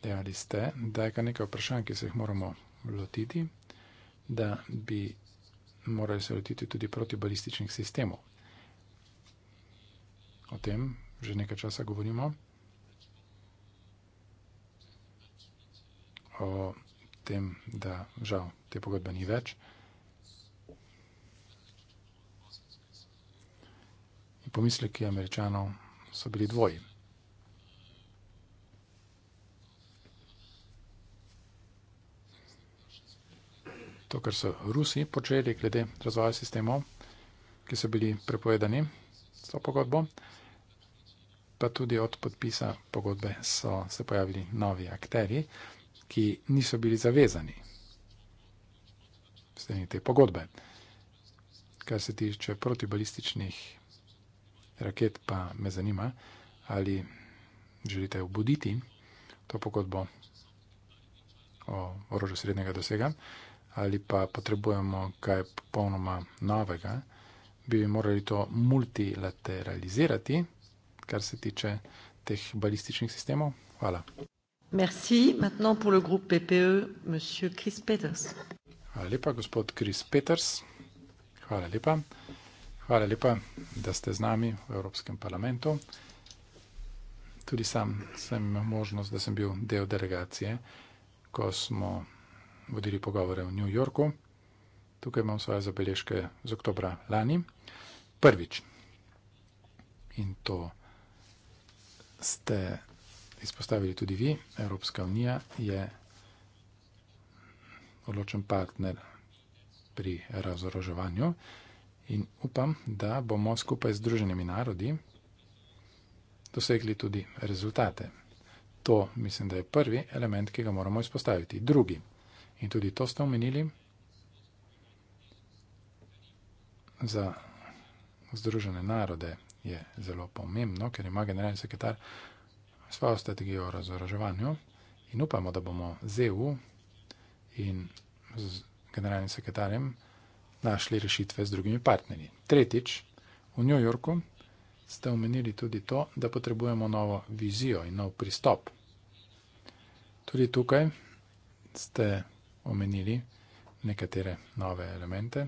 dejali ste, da je kar nekaj vprašanj, ki se jih moramo lotiti, da bi morali se lotiti tudi protibalističnih sistemov. O tem že nekaj časa govorimo. O tem, da žal te pogodbe ni več. pomisleki američanov so bili dvoji. To, kar so Rusi počeli glede razvoja sistemov, ki so bili prepovedani s to pogodbo, pa tudi od podpisa pogodbe so se pojavili novi akteri, ki niso bili zavezani v strani te pogodbe. Kar se tiče protibalističnih raket, pa me zanima, ali želite obuditi to pogodbo o orožju srednjega dosega, ali pa potrebujemo kaj popolnoma novega, bi morali to multilateralizirati, kar se tiče teh balističnih sistemov. Hvala. Merci. Maintenant pour le groupe PPE, monsieur Chris Peters. Hvala lepa, gospod Chris Peters. Hvala lepa. Hvala lepa, da ste z nami v Evropskem parlamentu. Tudi sam sem imel možnost, da sem bil del delegacije, ko smo vodili pogovore v New Yorku. Tukaj imam svoje zabeležke z oktobra lani. Prvič, in to ste izpostavili tudi vi, Evropska unija je odločen partner pri razoroževanju. In upam, da bomo skupaj z Združenimi narodi dosegli tudi rezultate. To mislim, da je prvi element, ki ga moramo izpostaviti. Drugi, in tudi to ste omenili, za Združene narode je zelo pomembno, ker ima generalni sekretar svojo strategijo o razoraževanju in upamo, da bomo z EU in z generalnim sekretarjem našli rešitve z drugimi partnerji. Tretjič, v New Yorku ste omenili tudi to, da potrebujemo novo vizijo in nov pristop. Tudi tukaj ste omenili nekatere nove elemente.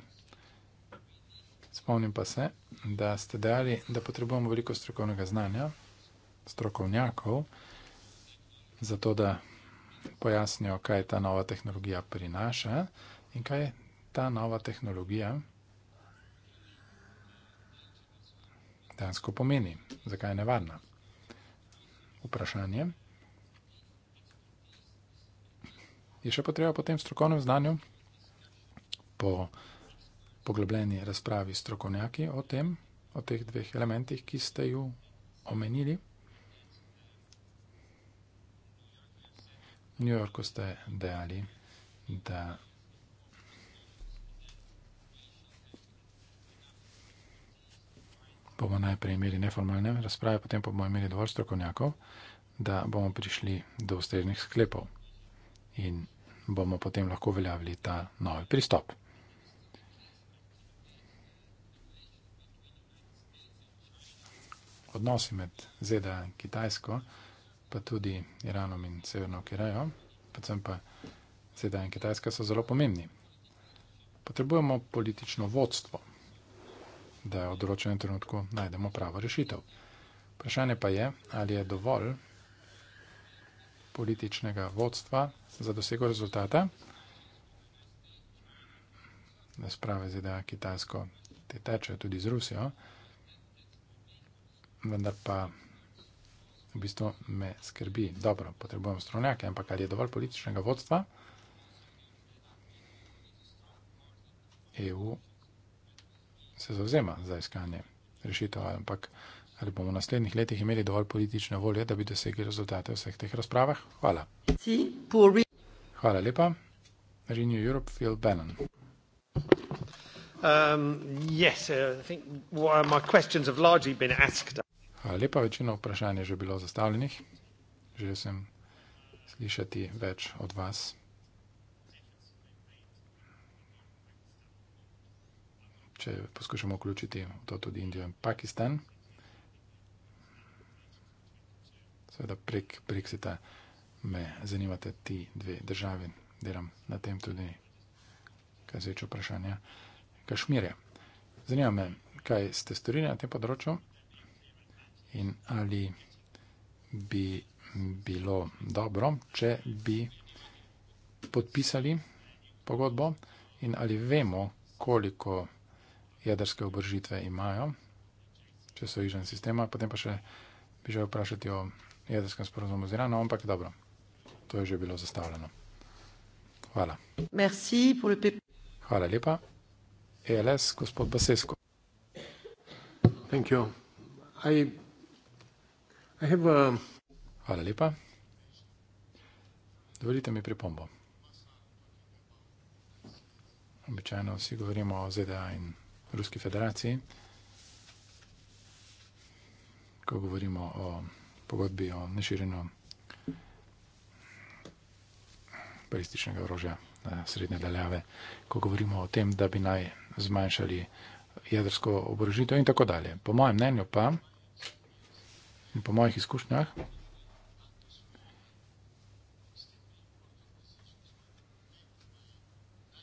Spomnim pa se, da ste dejali, da potrebujemo veliko strokovnega znanja, strokovnjakov, zato da pojasnijo, kaj ta nova tehnologija prinaša in kaj ta nova tehnologija dejansko pomeni? Zakaj je nevarna? Vprašanje. Je še potreba po tem strokovnem znanju, po poglobljeni razpravi s strokovnjaki o tem, o teh dveh elementih, ki ste ju omenili. V New Yorku ste dejali, da bomo najprej imeli neformalne razprave, potem pa bomo imeli dovolj strokovnjakov, da bomo prišli do ustreznih sklepov in bomo potem lahko uveljavili ta novi pristop. Odnosi med ZDA in Kitajsko, pa tudi Iranom in Severno Kirajo, predvsem pa ZDA in Kitajska so zelo pomembni. Potrebujemo politično vodstvo da v določenem trenutku najdemo pravo rešitev. Vprašanje pa je, ali je dovolj političnega vodstva za dosego rezultata, da sprave zida Kitajsko, te tečejo tudi z Rusijo, vendar pa v bistvu me skrbi, dobro, potrebujem strojnjake, ampak ali je dovolj političnega vodstva, EU se zauzema za iskanje rešitev, ampak ali bomo v naslednjih letih imeli dovolj politične volje, da bi dosegli rezultate v vseh teh razpravah? Hvala. Hvala lepa. Renew Europe, Phil Bannon. Um, yes, uh, asked... Hvala lepa, večina vprašanj je že bilo zastavljenih. Želel sem slišati več od vas. če poskušamo vključiti v to tudi Indijo in Pakistan. Seveda prek Brexita me zanimate ti dve državi, delam na tem tudi, kaj se več vprašanja, Kašmirja. Zanima me, kaj ste storili na tem področju in ali bi bilo dobro, če bi podpisali pogodbo in ali vemo, koliko jedrske obrožitve imajo, če so izven sistema, potem pa še bi želel vprašati o jedrskem sporozumu z Iranom, ampak dobro, to je že bilo zastavljeno. Hvala. Hvala lepa. ELS, gospod Basesko. I, I a... Hvala lepa. Dovolite mi pripombo. Običajno vsi govorimo o ZDA in Ruski federaciji. Ko govorimo o pogodbi o neširjenju balističnega orožja na srednje daljave, ko govorimo o tem, da bi naj zmanjšali jedrsko oborožitev in tako dalje. Po mojem mnenju pa, po mojih izkušnjah,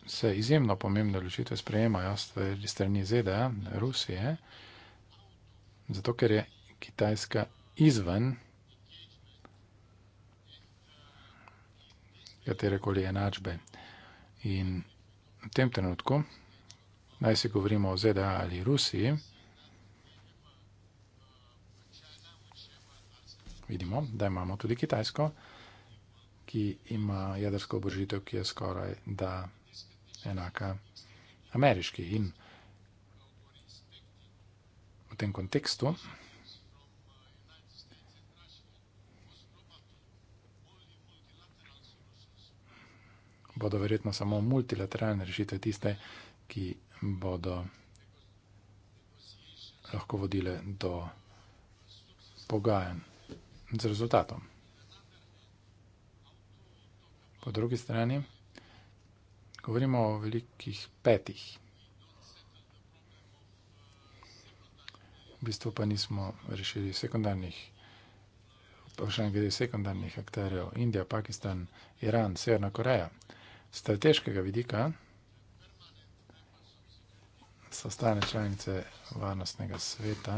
se izjemno pomembne odločitve sprejemajo strani ZDA, Rusije, zato ker je Kitajska izven katerekoli enačbe. In v tem trenutku, naj si govorimo o ZDA ali Rusiji, vidimo, da imamo tudi Kitajsko, ki ima jedrsko obožitev, ki je skoraj da enaka ameriški. In v tem kontekstu bodo verjetno samo multilateralne rešitve tiste, ki bodo lahko vodile do pogajanj z rezultatom. Po drugi strani. Govorimo o velikih petih. V bistvu pa nismo rešili sekundarnih, pa še glede sekundarnih akterjev. Indija, Pakistan, Iran, Severna Koreja. Strateškega vidika so ostale članice varnostnega sveta,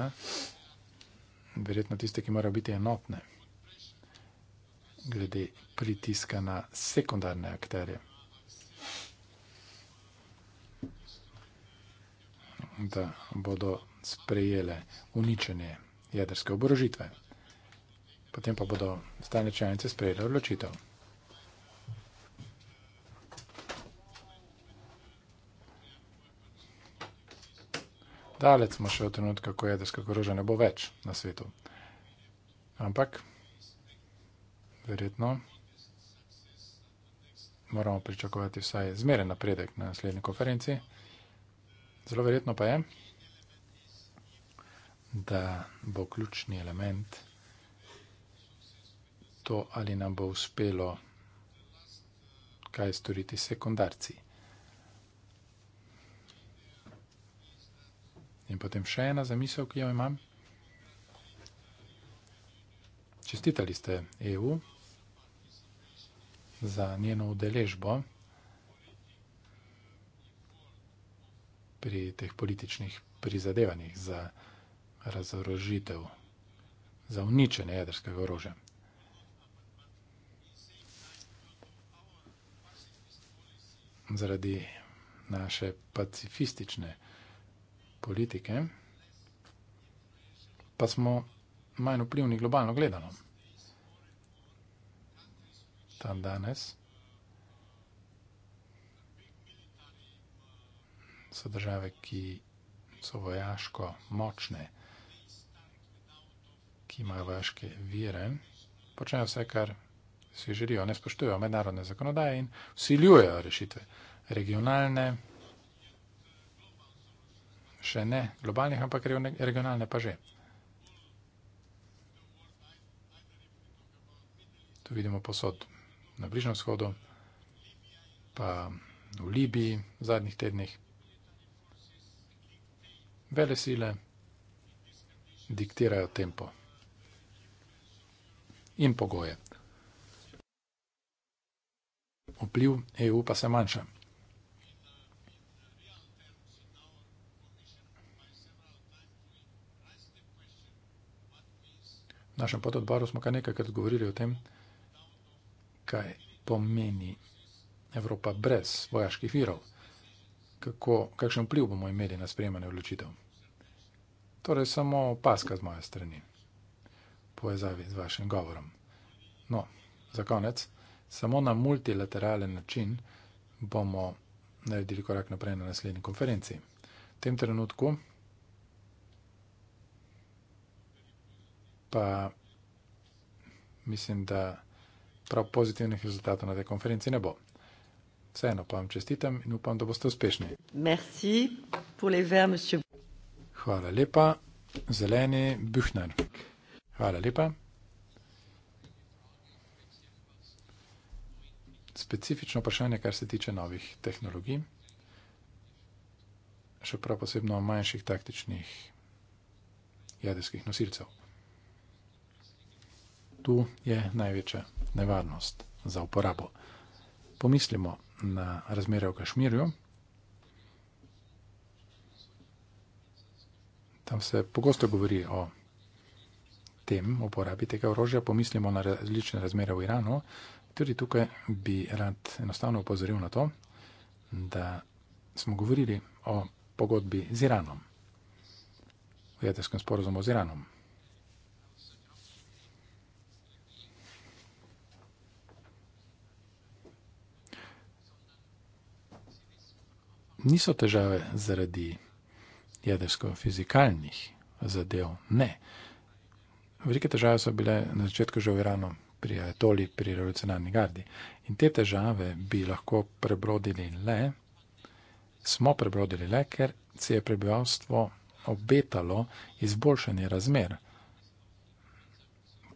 verjetno tiste, ki morajo biti enotne glede pritiska na sekundarne akterje. da bodo sprejele uničenje jedrske oborožitve. Potem pa bodo stane članice sprejele odločitev. Dalec smo še v trenutku, ko jedrska oborožja ne bo več na svetu. Ampak, verjetno, moramo pričakovati vsaj zmeren napredek na naslednji konferenciji. Zelo verjetno pa je, da bo ključni element to, ali nam bo uspelo kaj storiti sekundarci. In potem še ena zamisel, ki jo imam. Čestitali ste EU za njeno udeležbo. pri teh političnih prizadevanjih za razorožitev, za uničenje jedrskega orožja. Zaradi naše pacifistične politike pa smo manj vplivni globalno gledano. Tam danes. so države, ki so vojaško močne, ki imajo vojaške vire, počnejo vse, kar si želijo, ne spoštujejo mednarodne zakonodaje in usiljujejo rešitve. Regionalne, še ne globalnih, ampak regionalne pa že. Tu vidimo posod na Bližnjem vzhodu, pa v Libiji v zadnjih tednih. Vele sile diktirajo tempo in pogoje. Vpliv EU pa se manjša. V našem pododbaru smo kar nekajkrat govorili o tem, kaj pomeni Evropa brez vojaških virov, kako, kakšen vpliv bomo imeli na sprejemanje odločitev. Torej, samo opaska z moje strani, povezavi z vašim govorom. No, za konec, samo na multilateralen način bomo naredili korak naprej na naslednji konferenci. V tem trenutku pa mislim, da prav pozitivnih rezultatov na tej konferenci ne bo. Vseeno pa vam čestitam in upam, da boste uspešni. Merci pour les verts, monsieur. Hvala lepa. Zeleni Bühner. Hvala lepa. Specifično vprašanje, kar se tiče novih tehnologij, še prav posebno manjših taktičnih jedrskih nosilcev. Tu je največja nevarnost za uporabo. Pomislimo na razmere v Kašmirju. Tam se pogosto govori o tem, o porabi tega orožja, pomislimo na različne razmere v Iranu. Tudi tukaj bi rad enostavno upozoril na to, da smo govorili o pogodbi z Iranom, o jedrskem sporozumu z Iranom. Niso težave zaradi jedrsko-fizikalnih zadev. Ne. Velike težave so bile na začetku že v Iranu pri Atoli, pri revolucionarni gardi. In te težave bi lahko prebrodili le, smo prebrodili le, ker se je prebivalstvo obetalo izboljšanje razmer,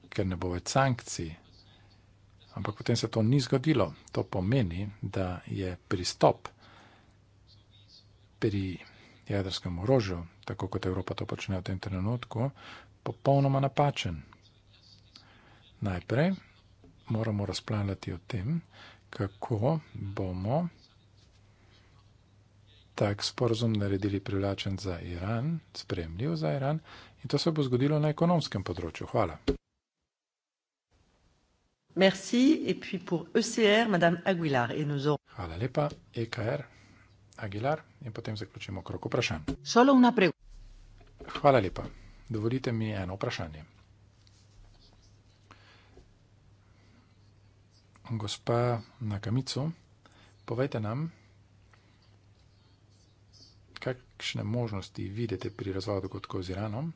ker ne bo več sankcij. Ampak potem se to ni zgodilo. To pomeni, da je pristop pri jedrskem orožju, tako kot Evropa to počne v tem trenutku, popolnoma napačen. Najprej moramo razplanjati o tem, kako bomo tak sporozum naredili privlačen za Iran, spremljiv za Iran in to se bo zgodilo na ekonomskem področju. Hvala. Merci et puis pour ECR, Madame Aguilar et nous aurons. Hvala lepa, EKR. Aguilar in potem zaključimo krok vprašanj. Šolo vnaprej. Hvala lepa. Dovolite mi eno vprašanje. Gospa na kamicu, povejte nam, kakšne možnosti vidite pri razvoju dogodkov z Iranom,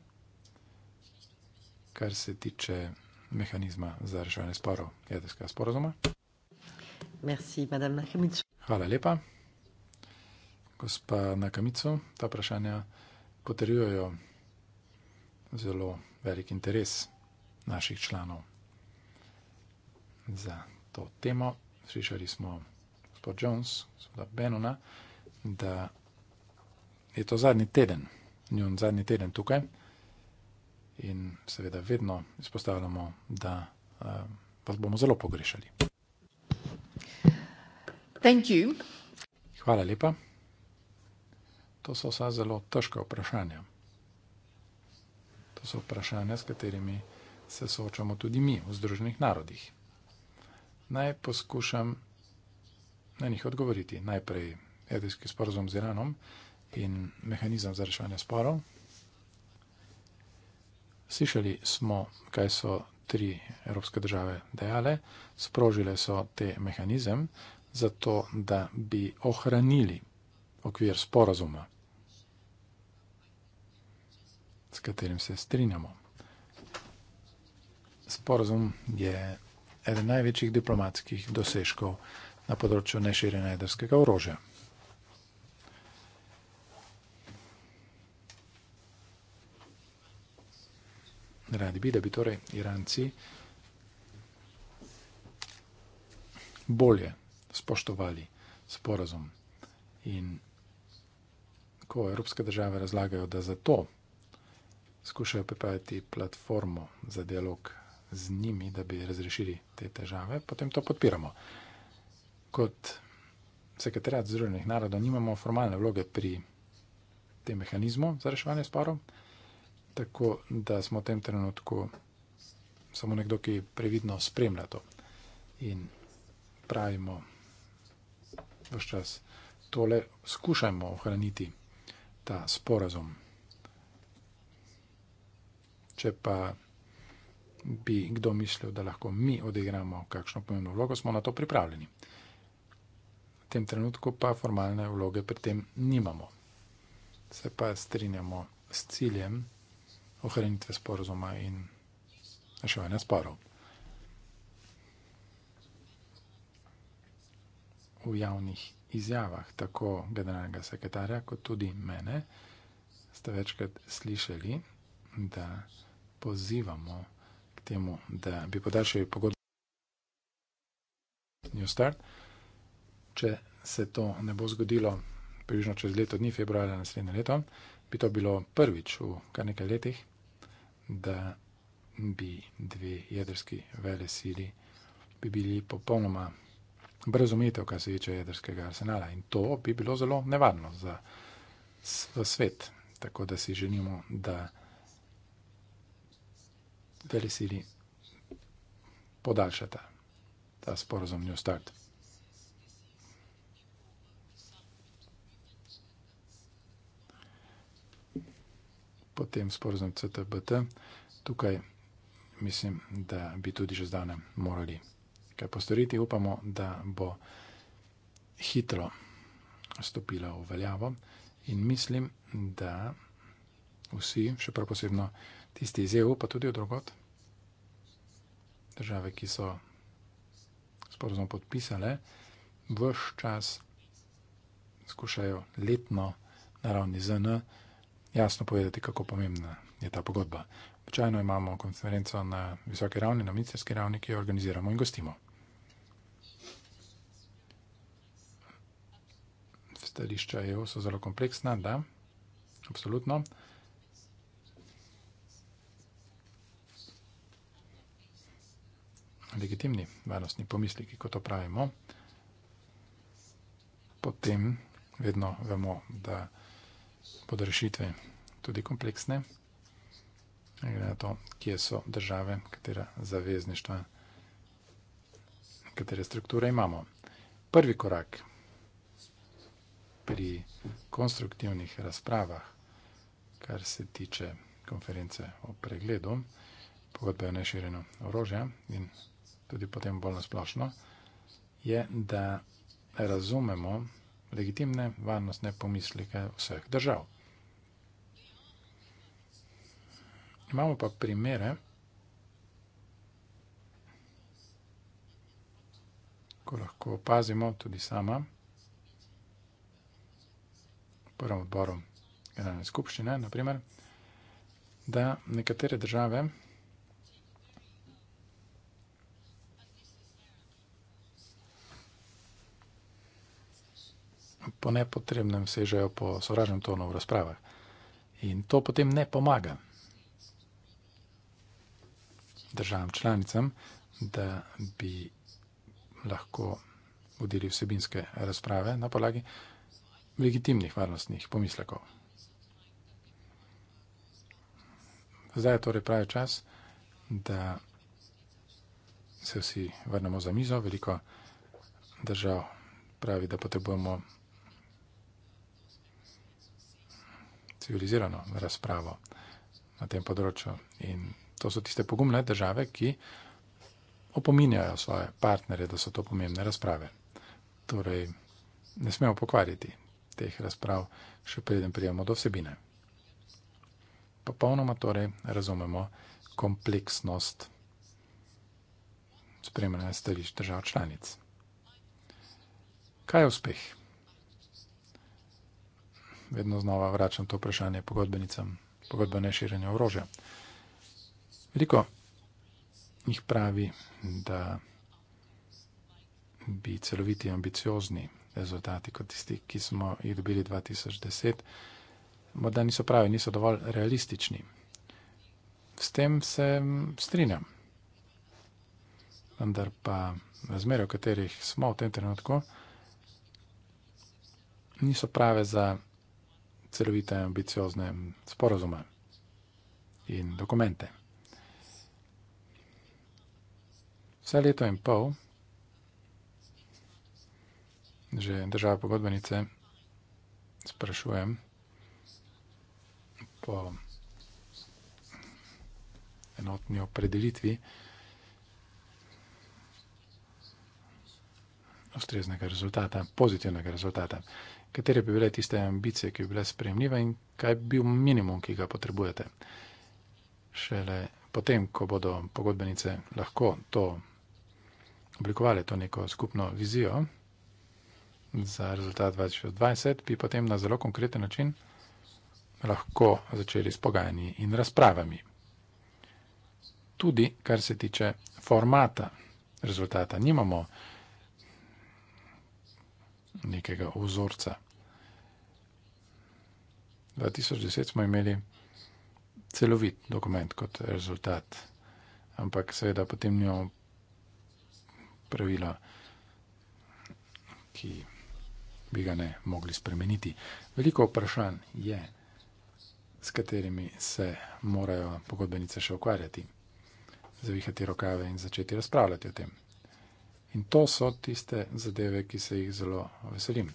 kar se tiče mehanizma za reševanje sporov jedrskega sporozuma. Merci, Hvala lepa gospa na Kamico, ta vprašanja potrjujejo zelo velik interes naših članov za to temo. Slišali smo gospod Jones, gospoda Benona, da je to zadnji teden, njun zadnji teden tukaj in seveda vedno izpostavljamo, da eh, vas bomo zelo pogrešali. Thank you. Hvala lepa. To so vsa zelo težka vprašanja. To so vprašanja, s katerimi se soočamo tudi mi v Združenih narodih. Naj poskušam na njih odgovoriti. Najprej jedrski sporozum z Iranom in mehanizem za reševanje sporov. Slišali smo, kaj so tri evropske države dejale. Sprožile so te mehanizem, zato da bi ohranili okvir sporozuma s katerim se strinjamo. Sporazum je eden največjih diplomatskih dosežkov na področju neširjenja jedrskega orožja. Radi bi, da bi torej Iranci bolje spoštovali sporazum. In ko evropske države razlagajo, da zato skušajo pripraviti platformo za dialog z njimi, da bi razrešili te težave, potem to podpiramo. Kot sekretariat Združenih narodov nimamo formalne vloge pri tem mehanizmu za reševanje sporov, tako da smo v tem trenutku samo nekdo, ki previdno spremlja to in pravimo vse čas tole, skušajmo ohraniti ta sporazum. Če pa bi kdo mislil, da lahko mi odigramo kakšno pomembno vlogo, smo na to pripravljeni. V tem trenutku pa formalne vloge pri tem nimamo. Se pa strinjamo s ciljem ohranitve sporozuma in reševanja sporov. V javnih izjavah tako generalnega sekretarja, kot tudi mene, ste večkrat slišali, da pozivamo k temu, da bi podaljšali pogodbo. New Start. Če se to ne bo zgodilo približno čez leto dni, februarja naslednje leto, bi to bilo prvič v kar nekaj letih, da bi dve jedrski vele sili bi bili popolnoma brez umetev, kar se tiče jedrskega arsenala. In to bi bilo zelo nevarno za svet. Tako da si želimo, da velesili podaljšata ta sporozum New Start. Potem sporozum CTBT. Tukaj mislim, da bi tudi že zdane morali kaj postoriti. Upamo, da bo hitro stopila v veljavo in mislim, da vsi, še prav posebno, tisti iz EU, pa tudi od drugot. Države, ki so sporozum podpisale, v vse čas skušajo letno na ravni ZN jasno povedati, kako pomembna je ta pogodba. Običajno imamo konferenco na visoki ravni, na ministerski ravni, ki jo organiziramo in gostimo. Stališča EU so zelo kompleksna, da, absolutno. legitimni varnostni pomisliki, ko to pravimo, potem vedno vemo, da bodo rešitve tudi kompleksne, glede na to, kje so države, katera zavezništva, katere strukture imamo. Prvi korak pri konstruktivnih razpravah, kar se tiče konference o pregledu, pogodbe o neširjenju orožja in tudi potem bolj nasplošno, je, da razumemo legitimne varnostne pomislike vseh držav. Imamo pa primere, ko lahko opazimo tudi sama, v prvem odboru generalne skupščine, naprimer, da nekatere države, po nepotrebnem sežejo po sovražnem tonu v razpravah. In to potem ne pomaga državam članicam, da bi lahko vodili vsebinske razprave na podlagi legitimnih varnostnih pomislekov. Zdaj je torej pravi čas, da se vsi vrnemo za mizo. Veliko držav pravi, da potrebujemo civilizirano razpravo na tem področju. In to so tiste pogumne države, ki opominjajo svoje partnerje, da so to pomembne razprave. Torej, ne smemo pokvariti teh razprav, še preden prijemo do vsebine. Popolnoma torej razumemo kompleksnost spremljanja stališč držav članic. Kaj je uspeh? vedno znova vračam to vprašanje pogodbenicam, pogodbene širjenje orožja. Veliko jih pravi, da bi celoviti, ambiciozni rezultati, kot tisti, ki smo jih dobili 2010, morda niso pravi, niso dovolj realistični. S tem se strinjam. Vendar pa razmere, v katerih smo v tem trenutku, niso prave za celovite, ambiciozne sporozume in dokumente. Vse leto in pol, že države pogodbenice, sprašujem po enotni opredelitvi ustreznega rezultata, pozitivnega rezultata katere bi bile tiste ambicije, ki bi bile sprejemljive in kaj bi bil minimum, ki ga potrebujete. Šele potem, ko bodo pogodbenice lahko to oblikovali, to neko skupno vizijo za rezultat 2020, bi potem na zelo konkreten način lahko začeli s pogajanji in razpravami. Tudi, kar se tiče formata rezultata, nimamo nekega vzorca. 2010 smo imeli celovit dokument kot rezultat, ampak seveda potem njo pravila, ki bi ga ne mogli spremeniti. Veliko vprašanj je, s katerimi se morajo pogodbenice še ukvarjati, zavihati rokave in začeti razpravljati o tem. In to so tiste zadeve, ki se jih zelo veselim.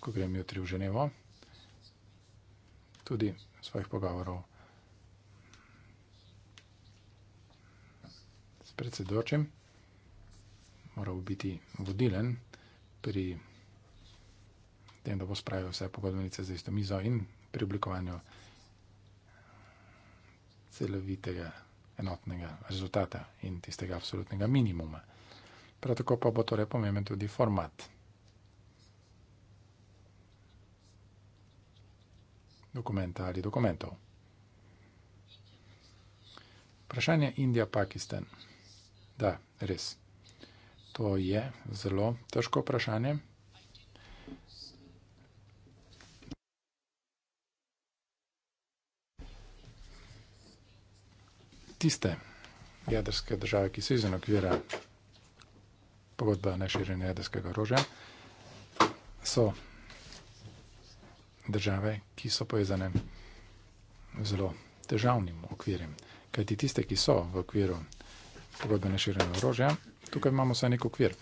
Ko grem jutri v Ženevo, tudi svojih pogovorov s predsedočem. Moral biti vodilen pri tem, da bo spravil vse pogodbenice za isto mizo in pri oblikovanju celovitega enotnega rezultata in tistega absolutnega minimuma. Prav tako pa bo torej pomemben tudi format. dokumentarij, dokumentov. Vprašanje Indija-Pakistan. Da, res. To je zelo težko vprašanje. Tiste jedrske države, ki so izven okvira pogodbe na širjenje jedrskega orožja, so države, ki so povezane zelo težavnim okvirjem. Kajti tiste, ki so v okviru pogodbene širjenja orožja, tukaj imamo vsaj nek okvir.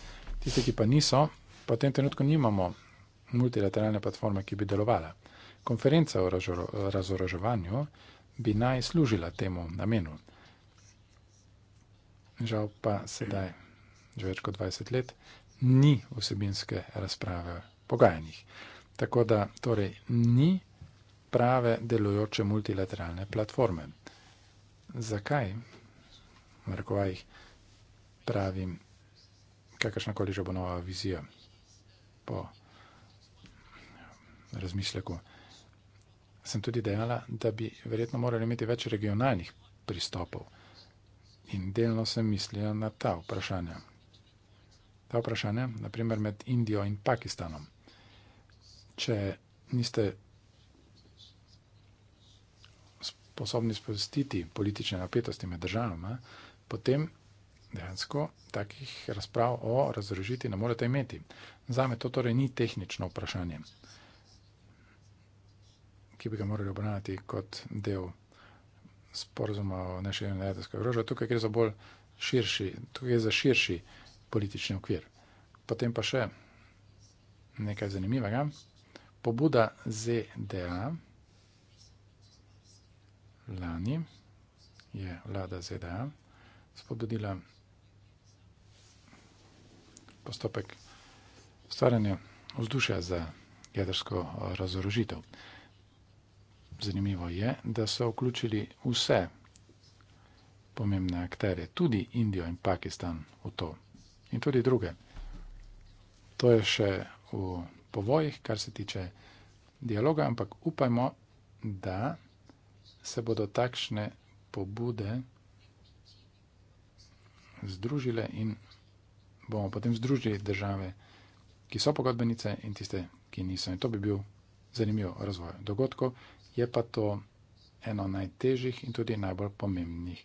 Tiste, ki pa niso, pa v tem trenutku nimamo multilateralne platforme, ki bi delovala. Konferenca o razoroževanju bi naj služila temu namenu. Žal pa sedaj, že več kot 20 let, ni vsebinske razprave pogajanjih. Tako da torej ni prave delujoče multilateralne platforme. Zakaj? Markovajih pravim, kakršnakoli že bo nova vizija po razmisleku. Sem tudi dejala, da bi verjetno morali imeti več regionalnih pristopov. In delno sem mislila na ta vprašanja. Ta vprašanja, naprimer med Indijo in Pakistanom če niste sposobni spustiti politične napetosti med državama, potem dejansko takih razprav o razrežiti ne morete imeti. Zame to torej ni tehnično vprašanje, ki bi ga morali obravnavati kot del sporozuma o neširjenju jedrske grožnje. Tukaj gre za bolj širši, tukaj gre za širši politični okvir. Potem pa še nekaj zanimivega pobuda ZDA lani je vlada ZDA spodbudila postopek ustvarjanja vzdušja za jedrsko razorožitev. Zanimivo je, da so vključili vse pomembne akterje, tudi Indijo in Pakistan v to. In tudi druge. To je še v povojih, kar se tiče dialoga, ampak upajmo, da se bodo takšne pobude združile in bomo potem združili države, ki so pogodbenice in tiste, ki niso. In to bi bil zanimiv razvoj dogodkov, je pa to eno najtežjih in tudi najbolj pomembnih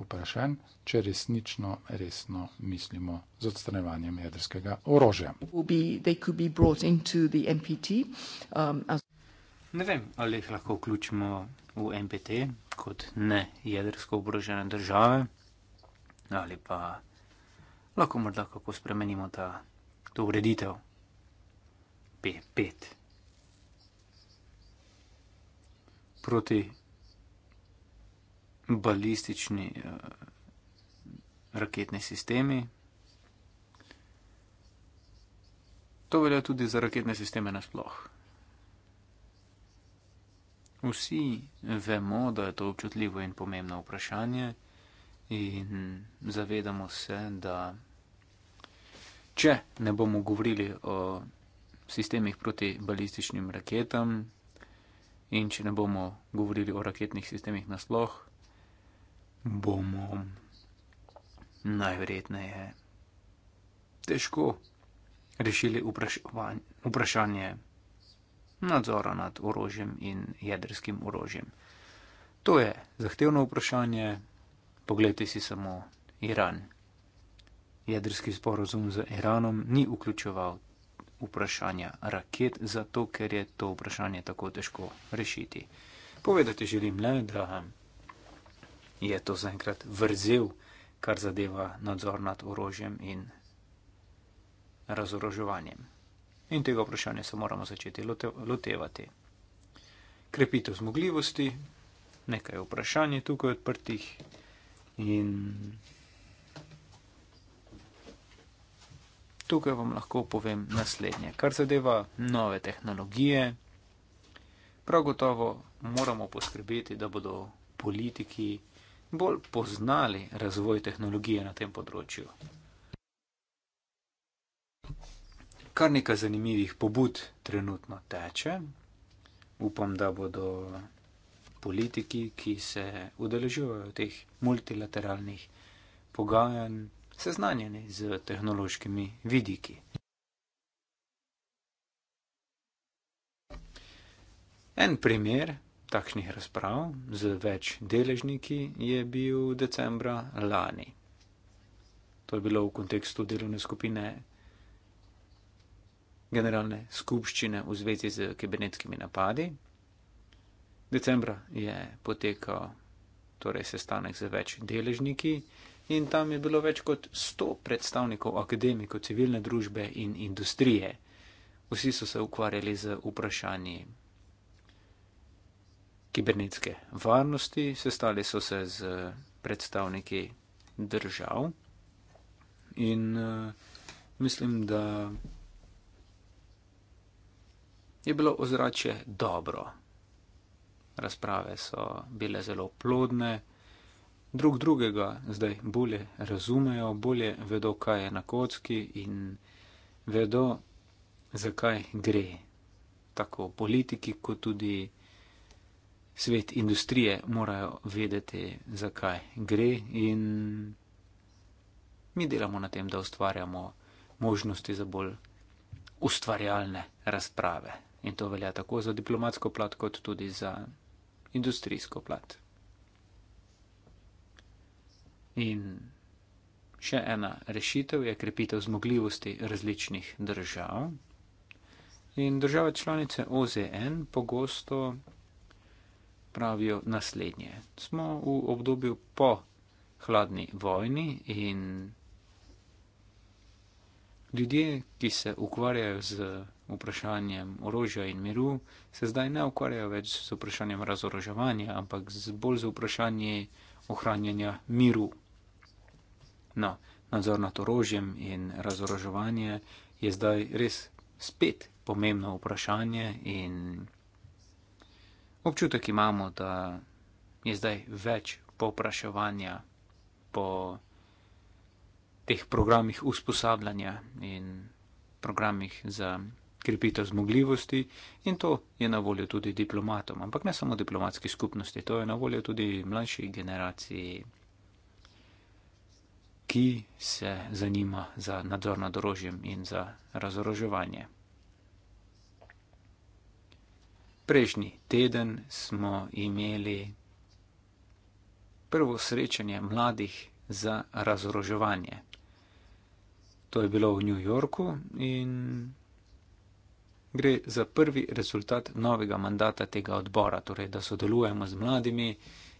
vprašanj, če resnično, resno mislimo z odstranjevanjem jedrskega orožja. Um, ne vem, ali jih lahko vključimo v NPT kot ne jedrsko obrožene države, ali pa lahko morda kako spremenimo ta, to ureditev P5 proti balistični eh, raketni sistemi. To velja tudi za raketne sisteme nasploh. Vsi vemo, da je to občutljivo in pomembno vprašanje in zavedamo se, da če ne bomo govorili o sistemih proti balističnim raketam in če ne bomo govorili o raketnih sistemih nasploh, bomo. Najverjetneje. Težko rešili vprašanje, vprašanje nadzora nad orožjem in jedrskim orožjem. To je zahtevno vprašanje. Poglejte si samo Iran. Jedrski sporozum z Iranom ni vključeval vprašanja raket, zato ker je to vprašanje tako težko rešiti. Povedati želim le, da je to zaenkrat vrzel, kar zadeva nadzor nad orožjem in razoroževanjem. In tega vprašanja se moramo začeti lotevati. Krepitev zmogljivosti, nekaj vprašanj tukaj odprtih in tukaj vam lahko povem naslednje. Kar zadeva nove tehnologije, prav gotovo moramo poskrbeti, da bodo politiki bolj poznali razvoj tehnologije na tem področju. Kar nekaj zanimivih pobud trenutno teče. Upam, da bodo politiki, ki se udeležujejo teh multilateralnih pogajanj, seznanjeni z tehnološkimi vidiki. En primer, takšnih razprav z več deležniki je bil decembra lani. To je bilo v kontekstu delovne skupine Generalne skupščine v zvezi z kibernetskimi napadi. Decembra je potekal torej sestanek z več deležniki in tam je bilo več kot 100 predstavnikov akademikov, civilne družbe in industrije. Vsi so se ukvarjali z vprašanji kibernetske varnosti, sestali so se z predstavniki držav in uh, mislim, da je bilo ozračje dobro. Razprave so bile zelo plodne, drug drugega zdaj bolje razumejo, bolje vedo, kaj je na kocki in vedo, zakaj gre. Tako politiki, kot tudi svet industrije, morajo vedeti, zakaj gre. In mi delamo na tem, da ustvarjamo možnosti za bolj ustvarjalne razprave. In to velja tako za diplomatsko plat, kot tudi za industrijsko plat. In še ena rešitev je krepitev zmogljivosti različnih držav. In države članice OZN pogosto pravijo naslednje. Smo v obdobju po hladni vojni in ljudje, ki se ukvarjajo z vprašanjem orožja in miru, se zdaj ne ukvarjajo več z vprašanjem razoroževanja, ampak z bolj z vprašanjem ohranjanja miru. No, nadzor nad orožjem in razoroževanje je zdaj res spet pomembno vprašanje in občutek imamo, da je zdaj več popraševanja po teh programih usposabljanja in programih za krepitev zmogljivosti in to je na voljo tudi diplomatom, ampak ne samo diplomatski skupnosti, to je na voljo tudi mlajši generaciji, ki se zanima za nadzor nad orožjem in za razoroževanje. Prejšnji teden smo imeli prvo srečanje mladih za razoroževanje. To je bilo v New Yorku in gre za prvi rezultat novega mandata tega odbora, torej da sodelujemo z mladimi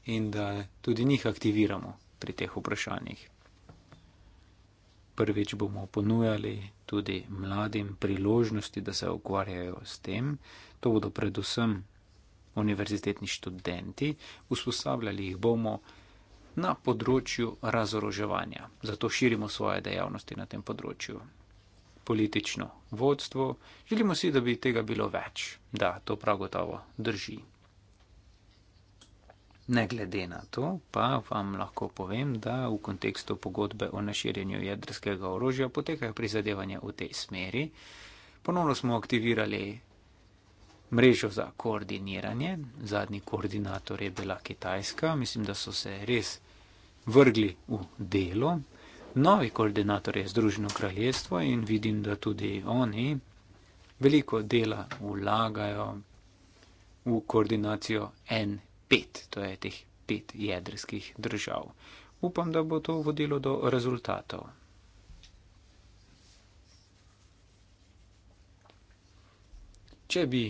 in da tudi njih aktiviramo pri teh vprašanjih prvič bomo ponujali tudi mladim priložnosti, da se ukvarjajo s tem. To bodo predvsem univerzitetni študenti, usposabljali jih bomo na področju razoroževanja. Zato širimo svoje dejavnosti na tem področju. Politično vodstvo. Želimo si, da bi tega bilo več. Da, to prav gotovo drži. Ne glede na to, pa vam lahko povem, da v kontekstu pogodbe o neširjenju jedrskega orožja potekajo prizadevanja v tej smeri. Ponovno smo aktivirali mrežo za koordiniranje, zadnji koordinator je bila Kitajska, mislim, da so se res vrgli v delo. Novi koordinator je Združeno kraljestvo in vidim, da tudi oni veliko dela vlagajo v koordinacijo en pet, to je teh pet jedrskih držav. Upam, da bo to vodilo do rezultatov. Če bi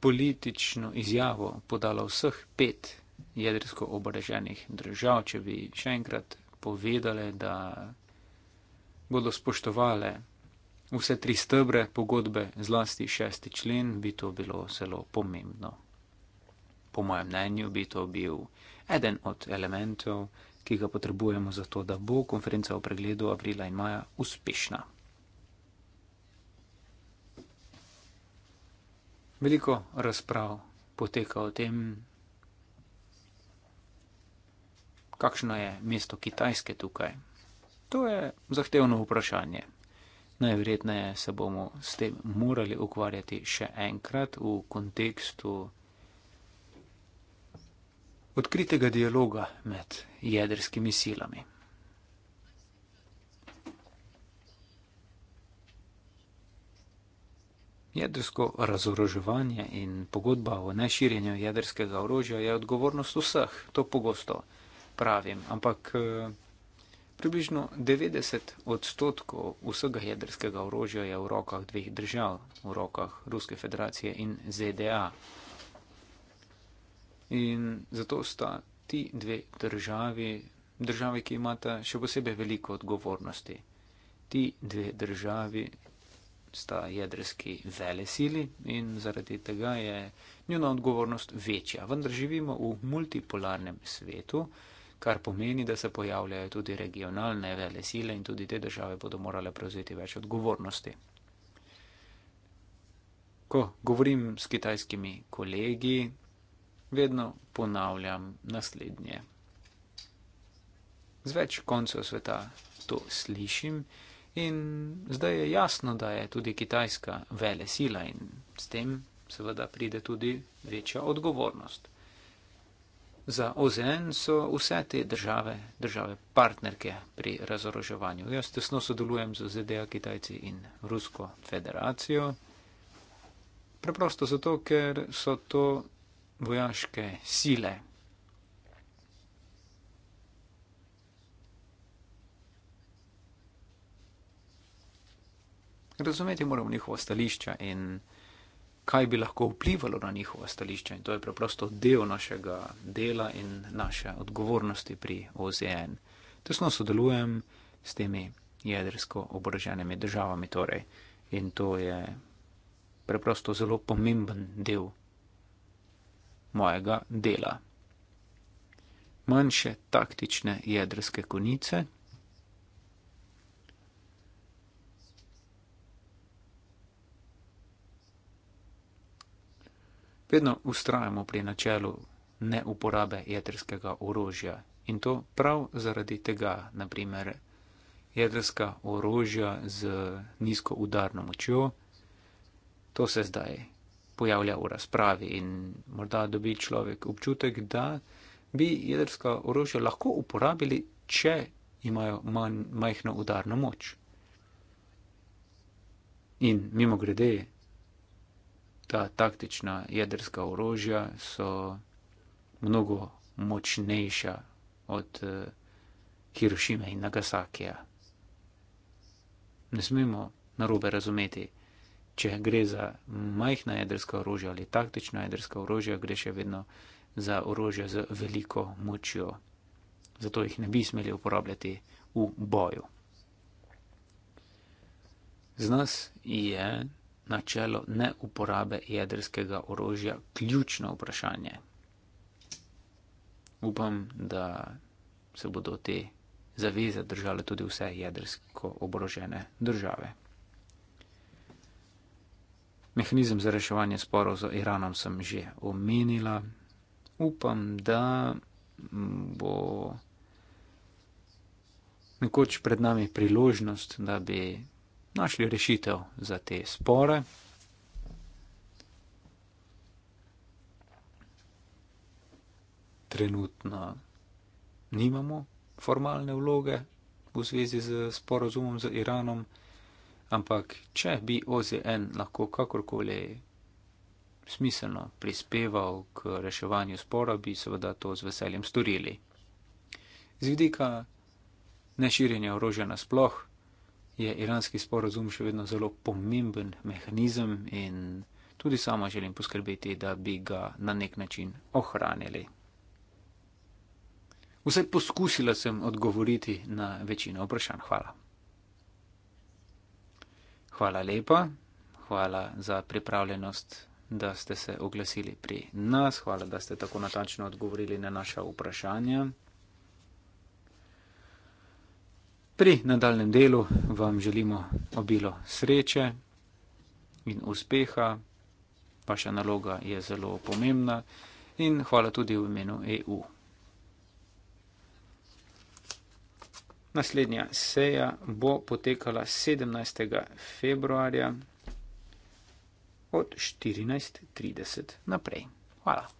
politično izjavo podalo vseh pet jedrsko obraženih držav, če bi še enkrat povedale, da bodo spoštovale vse tri stebre pogodbe, zlasti šesti člen, bi to bilo zelo pomembno po mojem mnenju bi to bil eden od elementov, ki ga potrebujemo za to, da bo konferenca o pregledu aprila in maja uspešna. Veliko razprav poteka o tem, kakšno je mesto Kitajske tukaj. To je zahtevno vprašanje. Najverjetneje se bomo s tem morali ukvarjati še enkrat v kontekstu odkritega dialoga med jedrskimi silami. Jedrsko razoroževanje in pogodba o neširjenju jedrskega orožja je odgovornost vseh, to pogosto pravim, ampak eh, približno 90 odstotkov vsega jedrskega orožja je v rokah dveh držav, v rokah Ruske federacije in ZDA. In zato sta ti dve državi, državi, ki imata še posebej veliko odgovornosti. Ti dve državi sta jedrski vele sili in zaradi tega je njena odgovornost večja. Vendar živimo v multipolarnem svetu, kar pomeni, da se pojavljajo tudi regionalne vele sile in tudi te države bodo morale prevzeti več odgovornosti. Ko govorim s kitajskimi kolegi, vedno ponavljam naslednje. Z več koncev sveta to slišim in zdaj je jasno, da je tudi Kitajska vele sila in s tem seveda pride tudi večja odgovornost. Za OZN so vse te države, države partnerke pri razoroževanju. Jaz tesno sodelujem z ZDA, Kitajci in Rusko federacijo. Preprosto zato, ker so to vojaške sile. Razumeti moramo njihova stališča in kaj bi lahko vplivalo na njihova stališča, in to je preprosto del našega dela in naše odgovornosti pri OZN. Tesno sodelujem s temi jedrsko oboroženimi državami, torej, in to je preprosto zelo pomemben del mojega dela. Manjše taktične jedrske konice. Vedno ustrajamo pri načelu neuporabe jedrskega orožja in to prav zaradi tega, naprimer, jedrska orožja z nizko udarno močjo, to se zdaj pojavlja v razpravi in morda dobi človek občutek, da bi jedrsko orožje lahko uporabili, če imajo manj, majhno udarno moč. In mimo grede, ta taktična jedrska orožja so mnogo močnejša od uh, Hirošime in Nagasakija. Ne smemo narobe razumeti če gre za majhna jedrska orožja ali taktična jedrska orožja, gre še vedno za orožja z veliko močjo. Zato jih ne bi smeli uporabljati v boju. Z nas je načelo neuporabe jedrskega orožja ključno vprašanje. Upam, da se bodo te zaveze držale tudi vse jedrsko oborožene države mehanizem za reševanje sporov z Iranom sem že omenila. Upam, da bo nekoč pred nami priložnost, da bi našli rešitev za te spore. Trenutno nimamo formalne vloge v zvezi z sporozumom z Iranom. Ampak, če bi OZN lahko kakorkoli smiselno prispeval k reševanju spora, bi seveda to z veseljem storili. Z vidika neširjenja orožja nasploh je iranski sporozum še vedno zelo pomemben mehanizem in tudi sama želim poskrbeti, da bi ga na nek način ohranili. Vse poskusila sem odgovoriti na večino vprašanj. Hvala. Hvala lepa, hvala za pripravljenost, da ste se oglasili pri nas, hvala, da ste tako natančno odgovorili na naša vprašanja. Pri nadaljem delu vam želimo obilo sreče in uspeha. Vaša naloga je zelo pomembna in hvala tudi v imenu EU. Naslednja seja bo potekala 17. februarja od 14.30 naprej. Hvala.